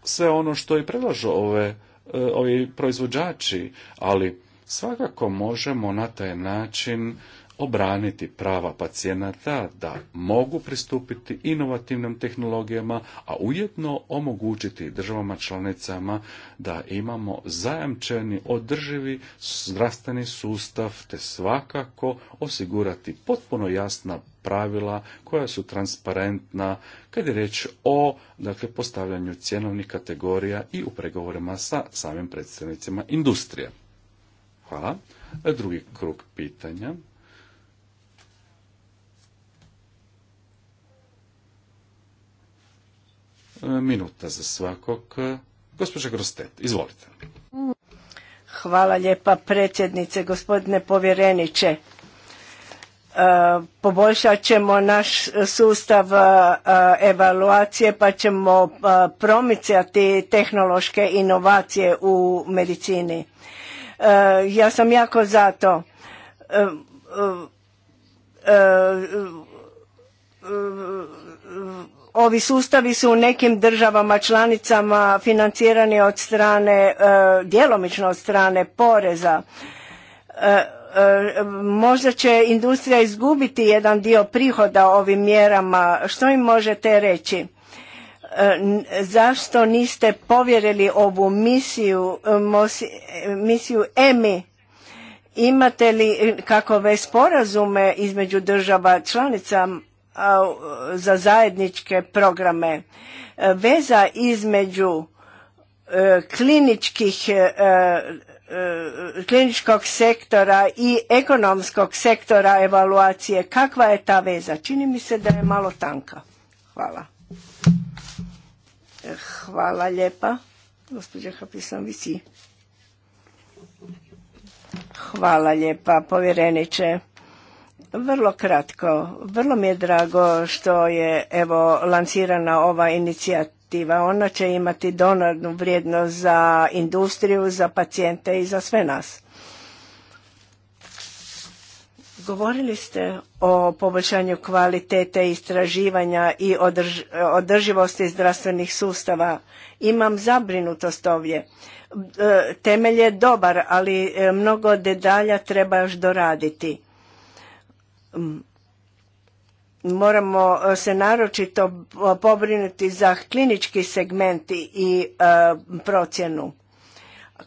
sve ono što i predlažu ove ovi proizvođači, ali svakako možemo na taj način obraniti prava pacijenata da mogu pristupiti inovativnim tehnologijama, a ujedno omogućiti državama članicama da imamo zajamčeni održivi zdravstveni sustav, te svakako osigurati potpuno jasna pravila koja su transparentna kad je riječ o dakle, postavljanju cjenovnih kategorija i u pregovorima sa samim predstavnicima industrije. Hvala. E, drugi krug pitanja. E, minuta za svakog. Gospođa Grostet, izvolite. Hvala lijepa predsjednice, gospodine povjereniče. E, poboljšat ćemo naš sustav evaluacije pa ćemo promicati tehnološke inovacije u medicini Eh, ja sam jako za to. Eh, eh, ovi sustavi su u nekim državama članicama financirani od strane, djelomično od strane poreza. Možda će industrija izgubiti jedan dio prihoda ovim mjerama. Što im možete reći? zašto niste povjerili ovu misiju, e, misiju EMI? Imate li e, kakove sporazume između država članica za zajedničke programe? E, veza između kliničkih kliničkog sektora i ekonomskog sektora evaluacije. Kakva je ta veza? Čini mi se da je malo tanka. Hvala. Hvala lijepa, gospođa Hvala lijepa, povjereniče. Vrlo kratko, vrlo mi je drago što je evo lansirana ova inicijativa. Ona će imati donornu vrijednost za industriju, za pacijente i za sve nas. Govorili ste o poboljšanju kvalitete istraživanja i održivosti zdravstvenih sustava. Imam zabrinutost ovdje. E, temelj je dobar, ali e, mnogo detalja treba još doraditi. Mm. Moramo e, se naročito pobrinuti za klinički segment i procjenu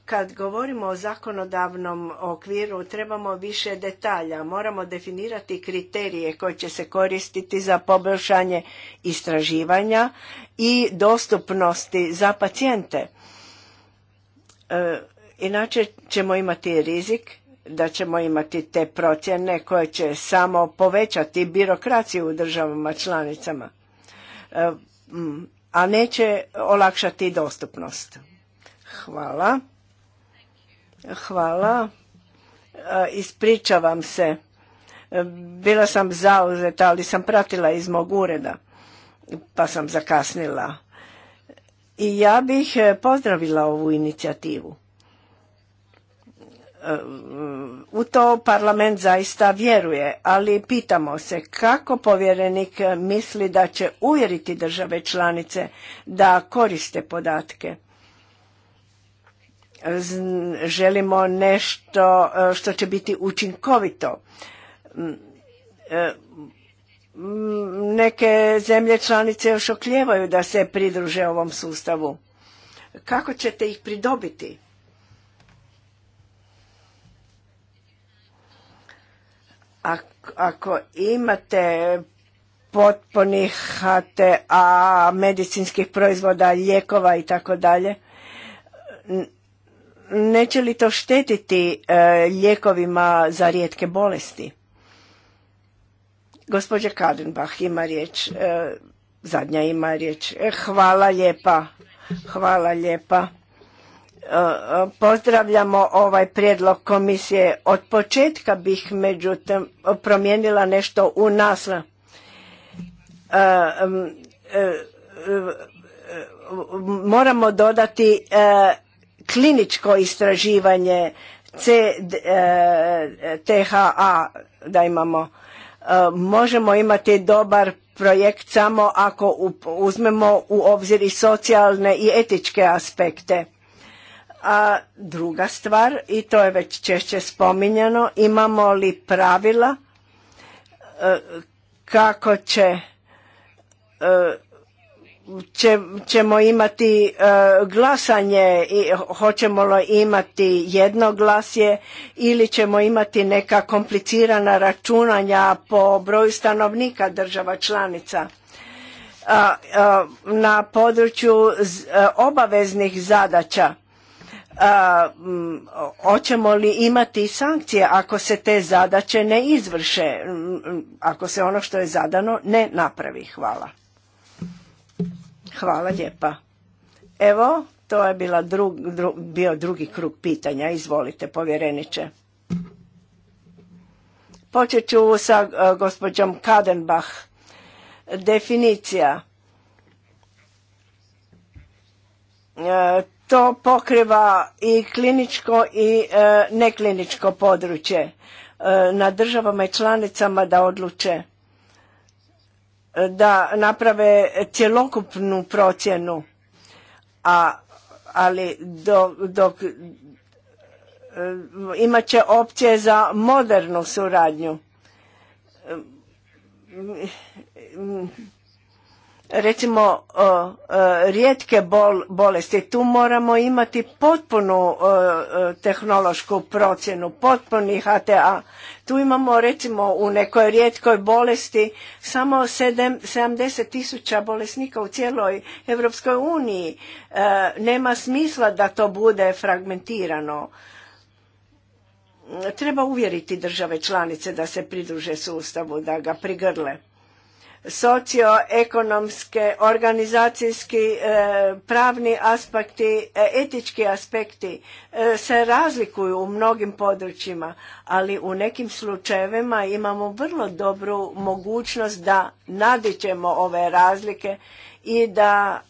kad govorimo o zakonodavnom okviru trebamo više detalja. Moramo definirati kriterije koje će se koristiti za poboljšanje istraživanja i dostupnosti za pacijente. E, inače ćemo imati rizik da ćemo imati te procjene koje će samo povećati birokraciju u državama članicama, e, a neće olakšati dostupnost. Hvala. Hvala. E, ispričavam se. E, bila sam zauzeta, ali sam pratila iz mog ureda, pa sam zakasnila. I ja bih e, pozdravila ovu inicijativu. U to parlament zaista vjeruje, ali pitamo se kako povjerenik misli da će uvjeriti države članice da koriste podatke želimo nešto e, što će biti učinkovito. Mm, e, mm, neke zemlje članice još okljevaju da se pridruže ovom sustavu. Kako ćete ih pridobiti? Ako imate potpunih HTA, medicinskih proizvoda, lijekova i tako dalje, neće li to štetiti e, lijekovima za rijetke bolesti? Gospođa Kadenbach ima riječ, e, zadnja ima riječ. E, hvala lijepa, hvala lijepa. Pozdravljamo ovaj prijedlog komisije. Od početka bih međutim promijenila nešto u nas. Moramo dodati kliničko istraživanje e, THA da imamo. E, možemo imati dobar projekt samo ako uzmemo u obzir i socijalne i etičke aspekte. A druga stvar, i to je već češće spominjano, imamo li pravila e, kako će će, ćemo imati e, glasanje i hoćemo li imati jedno glasje ili ćemo imati neka komplicirana računanja po broju stanovnika država članica na području e, obaveznih zadaća hoćemo li imati sankcije ako se te zadaće ne izvrše ako se ono što je zadano ne napravi hvala Hvala lijepa. Evo, to je bila drug, bio drugi krug pitanja. Izvolite, povjereniče. Počet ću sa e, gospođom Kadenbach. Definicija. E, to pokriva i kliničko i e, nekliničko područje. E, na državama i članicama da odluče da naprave cjelokupnu procjenu, a, ali dok, dok e, imat će opcije za modernu suradnju e, recimo rijetke bolesti tu moramo imati potpunu tehnološku procjenu potpuni HTA tu imamo recimo u nekoj rijetkoj bolesti samo 70 tisuća bolesnika u cijeloj Europskoj uniji e, nema smisla da to bude fragmentirano treba uvjeriti države članice da se pridruže sustavu da ga prigrle socioekonomske, organizacijski, e, pravni aspekti, e, etički aspekti e, se razlikuju u mnogim područjima, ali u nekim slučajevima imamo vrlo dobru mogućnost da nadićemo ove razlike i da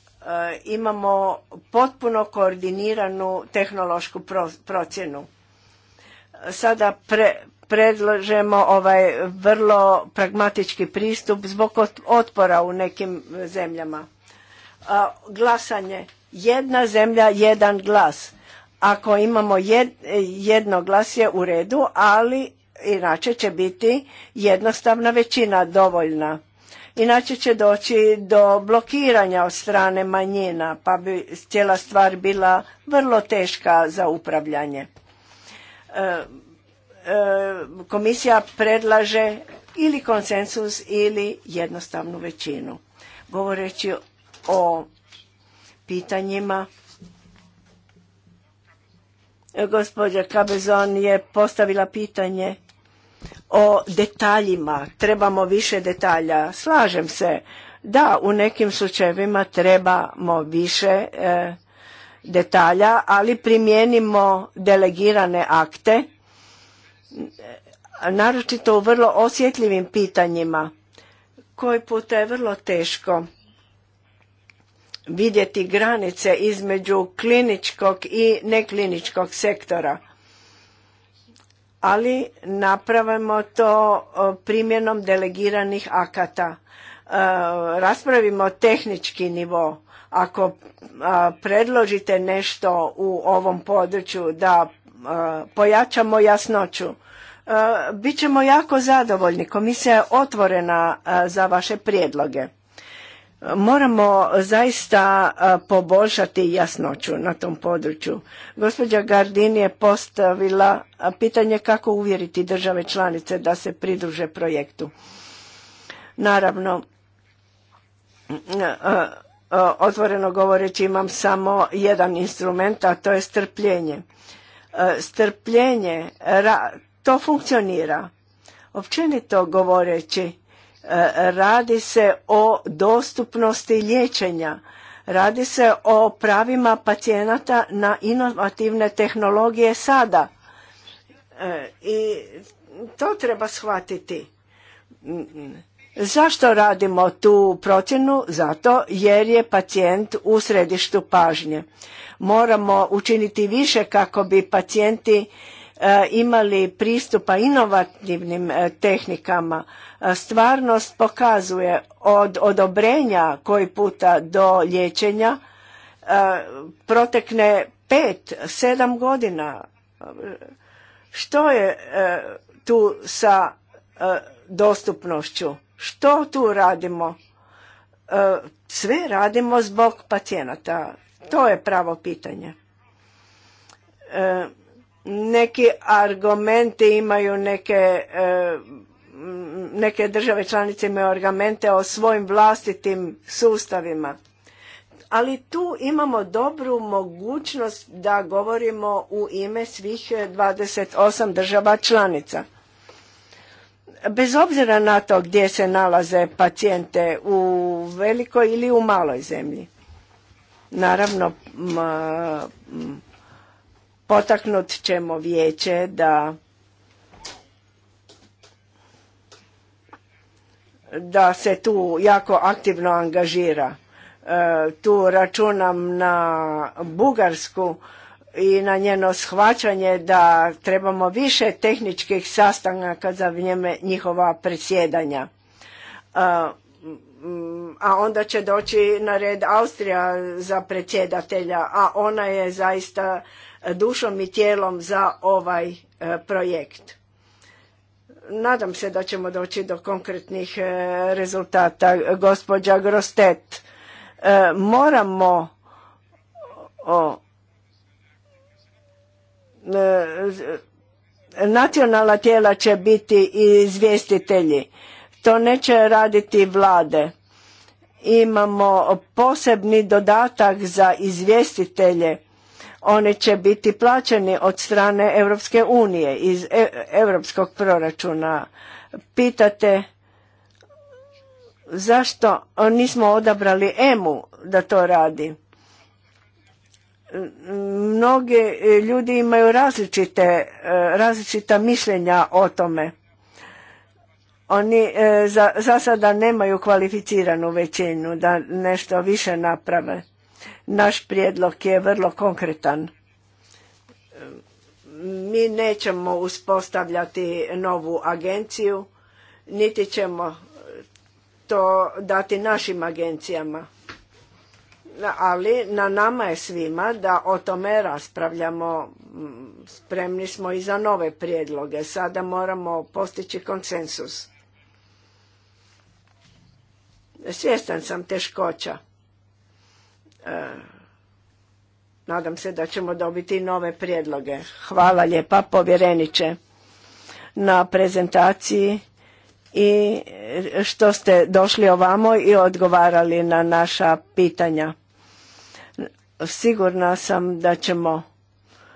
imamo potpuno koordiniranu tehnološku procjenu. Sada pre, predlažemo ovaj vrlo pragmatički pristup zbog otpora u nekim zemljama. glasanje. Jedna zemlja, jedan glas. Ako imamo jedno glas je u redu, ali inače će biti jednostavna većina dovoljna. Inače će doći do blokiranja od strane manjina, pa bi cijela stvar bila vrlo teška za upravljanje. E, E, komisija predlaže ili konsensus ili jednostavnu većinu. Govoreći o pitanjima e, gospođa Cabezon je postavila pitanje o detaljima. Trebamo više detalja. Slažem se da u nekim slučajevima trebamo više e, detalja, ali primijenimo delegirane akte naročito u vrlo osjetljivim pitanjima koji puta je vrlo teško vidjeti granice između kliničkog i nekliničkog sektora. Ali napravimo to primjenom delegiranih akata. E, raspravimo tehnički nivo. Ako predložite nešto u ovom području da pojačamo jasnoću. Bićemo jako zadovoljni. Komisija je otvorena za vaše prijedloge. Moramo zaista poboljšati jasnoću na tom području. Gospođa Gardin je postavila pitanje kako uvjeriti države članice da se pridruže projektu. Naravno, otvoreno govoreći imam samo jedan instrument, a to je strpljenje. E, strpljenje, to funkcionira. Općenito govoreći, e, radi se o dostupnosti liječenja, radi se o pravima pacijenata na inovativne tehnologije sada. E, I to treba shvatiti Zašto radimo tu procjenu? Zato jer je pacijent u središtu pažnje. Moramo učiniti više kako bi pacijenti e, imali pristupa inovativnim e, tehnikama. E, stvarnost pokazuje od odobrenja koji puta do liječenja protekne pet, sedam godina. Što je tu sa dostupnošću? Što tu radimo? E, sve radimo zbog pacijenata. To je pravo pitanje. E, neki argumenti imaju neke e, neke države članice imaju argumente o svojim vlastitim sustavima. Ali tu imamo dobru mogućnost da govorimo u ime svih 28 država članica bez obzira na to gdje se nalaze pacijente u velikoj ili u maloj zemlji. Naravno, potaknut ćemo vijeće da da se tu jako aktivno angažira. E, tu računam na Bugarsku i na njeno shvaćanje da trebamo više tehničkih sastanaka za vrijeme njihova predsjedanja. Mm, a, onda će doći na red Austrija za predsjedatelja, a ona je zaista dušom i tijelom za ovaj e, projekt. Nadam se da ćemo doći do konkretnih e, rezultata. Gospođa Grostet, e, moramo E, nacionalna tijela će biti i izvjestitelji. To neće raditi vlade. Imamo posebni dodatak za izvjestitelje. Oni će biti plaćeni od strane Europske unije iz e, europskog proračuna. Pitate zašto nismo odabrali EMU da to radi mnogi e, ljudi imaju različite, e, različita mišljenja o tome. Oni e, za, za sada nemaju kvalificiranu većinu da nešto više naprave. Naš prijedlog je vrlo konkretan. Mi nećemo uspostavljati novu agenciju, niti ćemo to dati našim agencijama ali na nama je svima da o tome raspravljamo. Mm, Spremni smo i za nove prijedloge. Sada moramo postići konsensus. Svjestan sam teškoća. E, nadam se da ćemo dobiti nove prijedloge. Hvala lijepa povjereniče na prezentaciji i što ste došli ovamo i odgovarali na naša pitanja. Sigurna sam da ćemo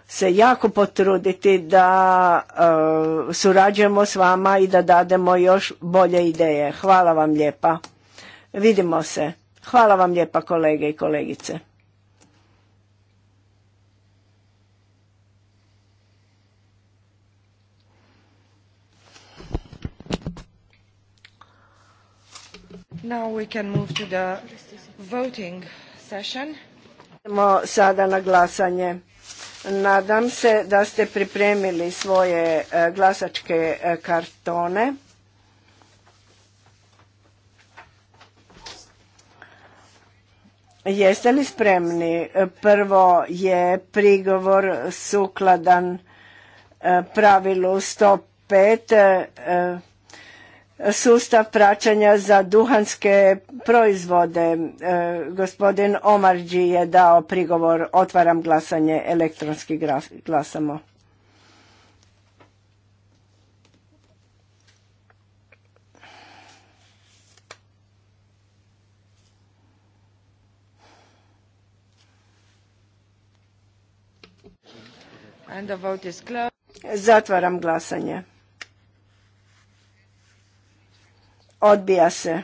se jako potruditi da e, surađujemo s vama i da dademo još bolje ideje. Hvala vam lijepa. Vidimo se. Hvala vam lijepa kolege i kolegice. Now we can move to the voting session. Sada na glasanje. Nadam se da ste pripremili svoje e, glasačke e, kartone. Jeste li spremni? E, prvo je prigovor sukladan pravilu 105 sustav praćanja za duhanske proizvode. E, gospodin Omarđi je dao prigovor, otvaram glasanje, elektronski glasamo. Zatvaram glasanje. Odbija se.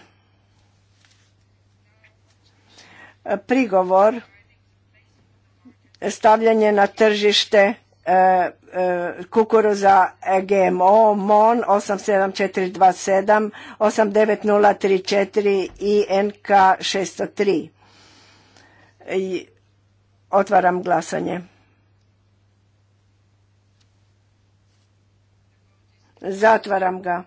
Prigovor stavljanje na tržište e, e, kukuruza GMO MON 87427, 89034 i NK 603. Otvaram glasanje. Zatvaram ga.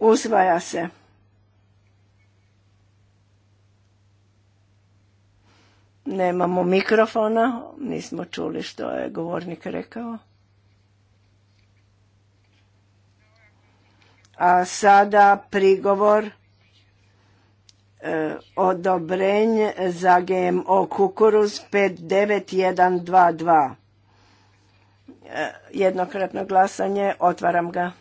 Usvaja se. Nemamo mikrofona, nismo čuli što je govornik rekao. A sada prigovor e, odobrenje za GMO kukuruz 59122. E, jednokratno glasanje, otvaram ga.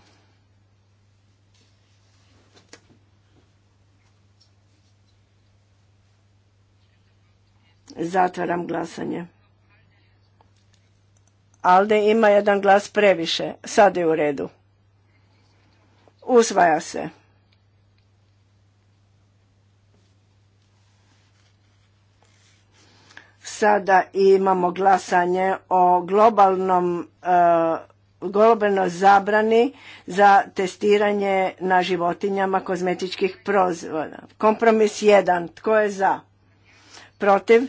Zatvaram glasanje. Alde ima jedan glas previše. Sad je u redu. Usvaja se. Sada imamo glasanje o globalnom e, globalnoj zabrani za testiranje na životinjama kozmetičkih proizvoda. Kompromis 1. Tko je za? Protiv?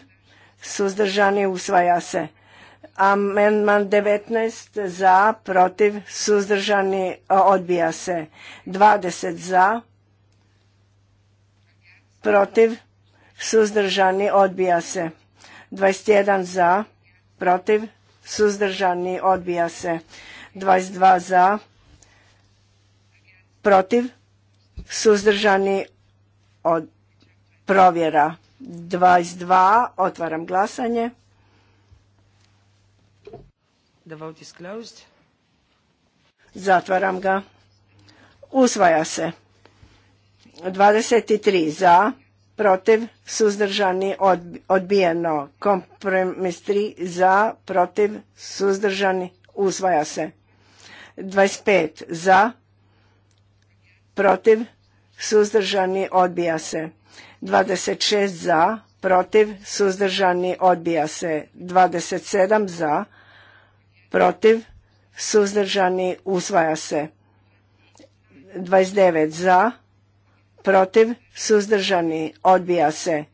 suzdržani usvaja se. Amendman 19 za, protiv, suzdržani odbija se. 20 za, protiv, suzdržani odbija se. 21 za, protiv, suzdržani odbija se. 22 za, protiv, suzdržani od provjera. 22. Otvaram glasanje. vote Zatvaram ga. Usvaja se. 23 za, protiv, suzdržani, odbijeno. Kompromis 3 za, protiv, suzdržani, usvaja se. 25 za, protiv, suzdržani, odbija se. 26 za, protiv, suzdržani, odbija se. 27 za, protiv, suzdržani, usvaja se. 29 za, protiv, suzdržani, odbija se.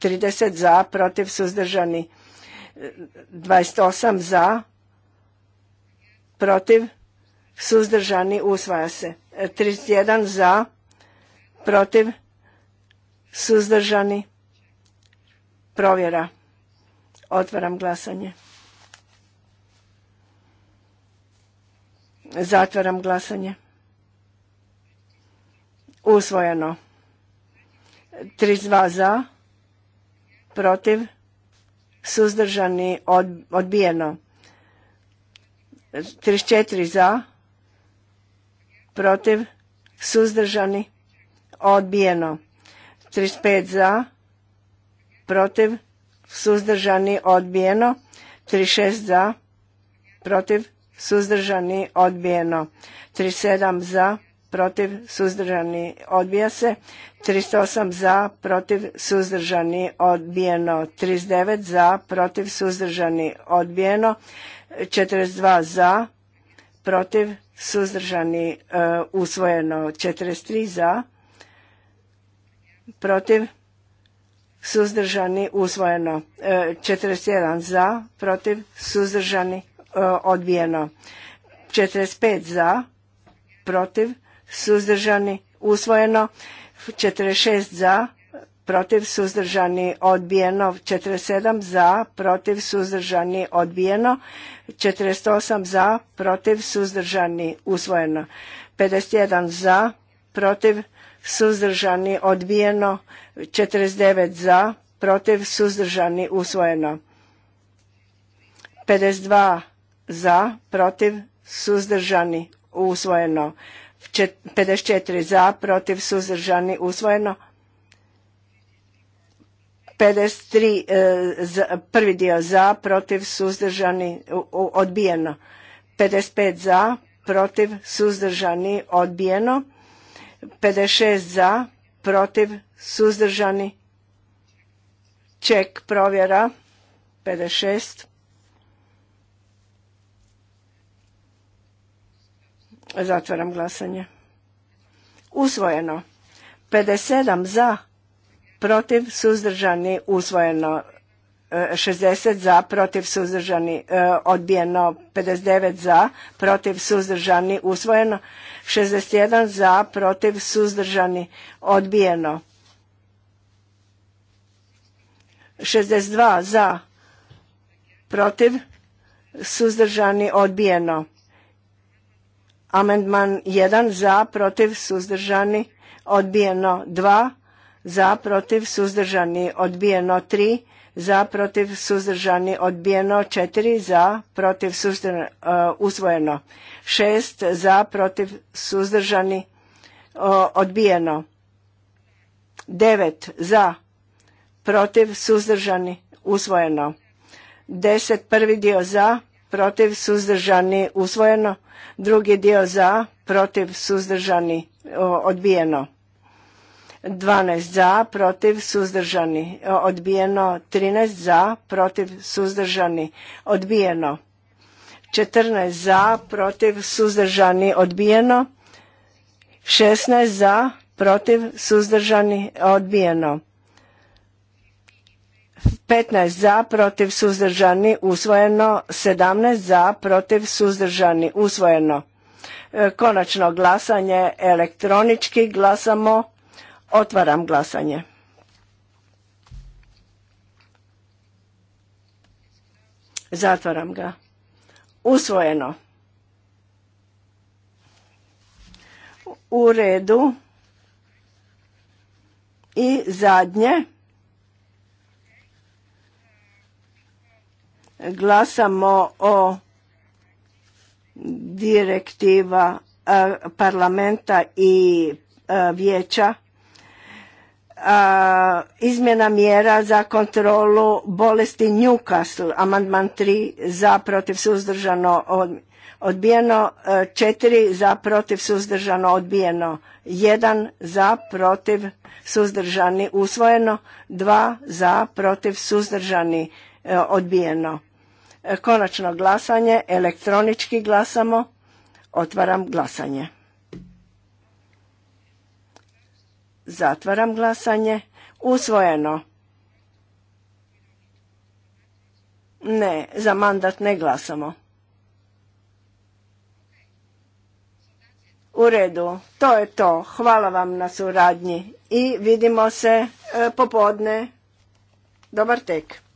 30 za, protiv, suzdržani, 28 za, protiv, suzdržani, usvaja se. 31 za, protiv, suzdržani, provjera. Otvaram glasanje. Zatvaram glasanje. Usvojeno. 32 za, protiv, suzdržani, odbijeno. 34 za, protiv, suzdržani, odbijeno. 35 za, protiv, suzdržani, odbijeno. 36 za, protiv, suzdržani, odbijeno. 37 za, protiv, suzdržani, odbija se. 308 za, protiv, suzdržani, odbijeno. 39 za, protiv, suzdržani, odbijeno. 42 za, protiv, suzdržani, e, usvojeno. 43 za, protiv, suzdržani, usvojeno. 41 e, e, za, protiv, suzdržani, odbijeno. 45 za, protiv, suzdržani, usvojeno. 46 za, protiv, suzdržani, odbijeno. 47 za, protiv, suzdržani, odbijeno. 48 za, protiv, suzdržani, usvojeno. 51 za, protiv, suzdržani odbijeno 49 za protiv suzdržani usvojeno 52 za protiv suzdržani usvojeno 54 za protiv suzdržani usvojeno 53 e, prvi dio za protiv suzdržani odbijeno 55 za protiv suzdržani odbijeno 56 za, protiv, suzdržani. Ček provjera 56. Zatvaram glasanje. Usvojeno. 57 za, protiv, suzdržani, usvojeno. 60 e, za, protiv suzdržani odbijeno, 59 za, protiv suzdržani usvojeno, 61 za, protiv suzdržani odbijeno, 62 za, protiv suzdržani odbijeno, amendman 1 za, protiv suzdržani odbijeno, 2 za, protiv suzdržani odbijeno, 3 za protiv suzdržani odbijeno Četiri za protiv suzdržani uh, usvojeno šest za protiv suzdržani uh, odbijeno Devet za protiv suzdržani usvojeno Deset. prvi dio za protiv suzdržani usvojeno drugi dio za protiv suzdržani uh, odbijeno 12 za, protiv, suzdržani, odbijeno. 13 za, protiv, suzdržani, odbijeno. 14 za, protiv, suzdržani, odbijeno. 16 za, protiv, suzdržani, odbijeno. 15 za, protiv, suzdržani, usvojeno. 17 za, protiv, suzdržani, usvojeno. E, konačno glasanje elektronički glasamo Otvaram glasanje. Zatvaram ga. Usvojeno. U redu. I zadnje. Glasamo o direktiva eh, parlamenta i eh, vijeća izmjena mjera za kontrolu bolesti Newcastle, amandman 3 e, za protiv suzdržano odbijeno, 4 za protiv suzdržano odbijeno, 1 za protiv suzdržani usvojeno, 2 za protiv suzdržani e, odbijeno. E, konačno glasanje, elektronički glasamo, otvaram glasanje. Zatvaram glasanje. Usvojeno. Ne, za mandat ne glasamo. U redu, to je to. Hvala vam na suradnji i vidimo se e, popodne. Dobar tek.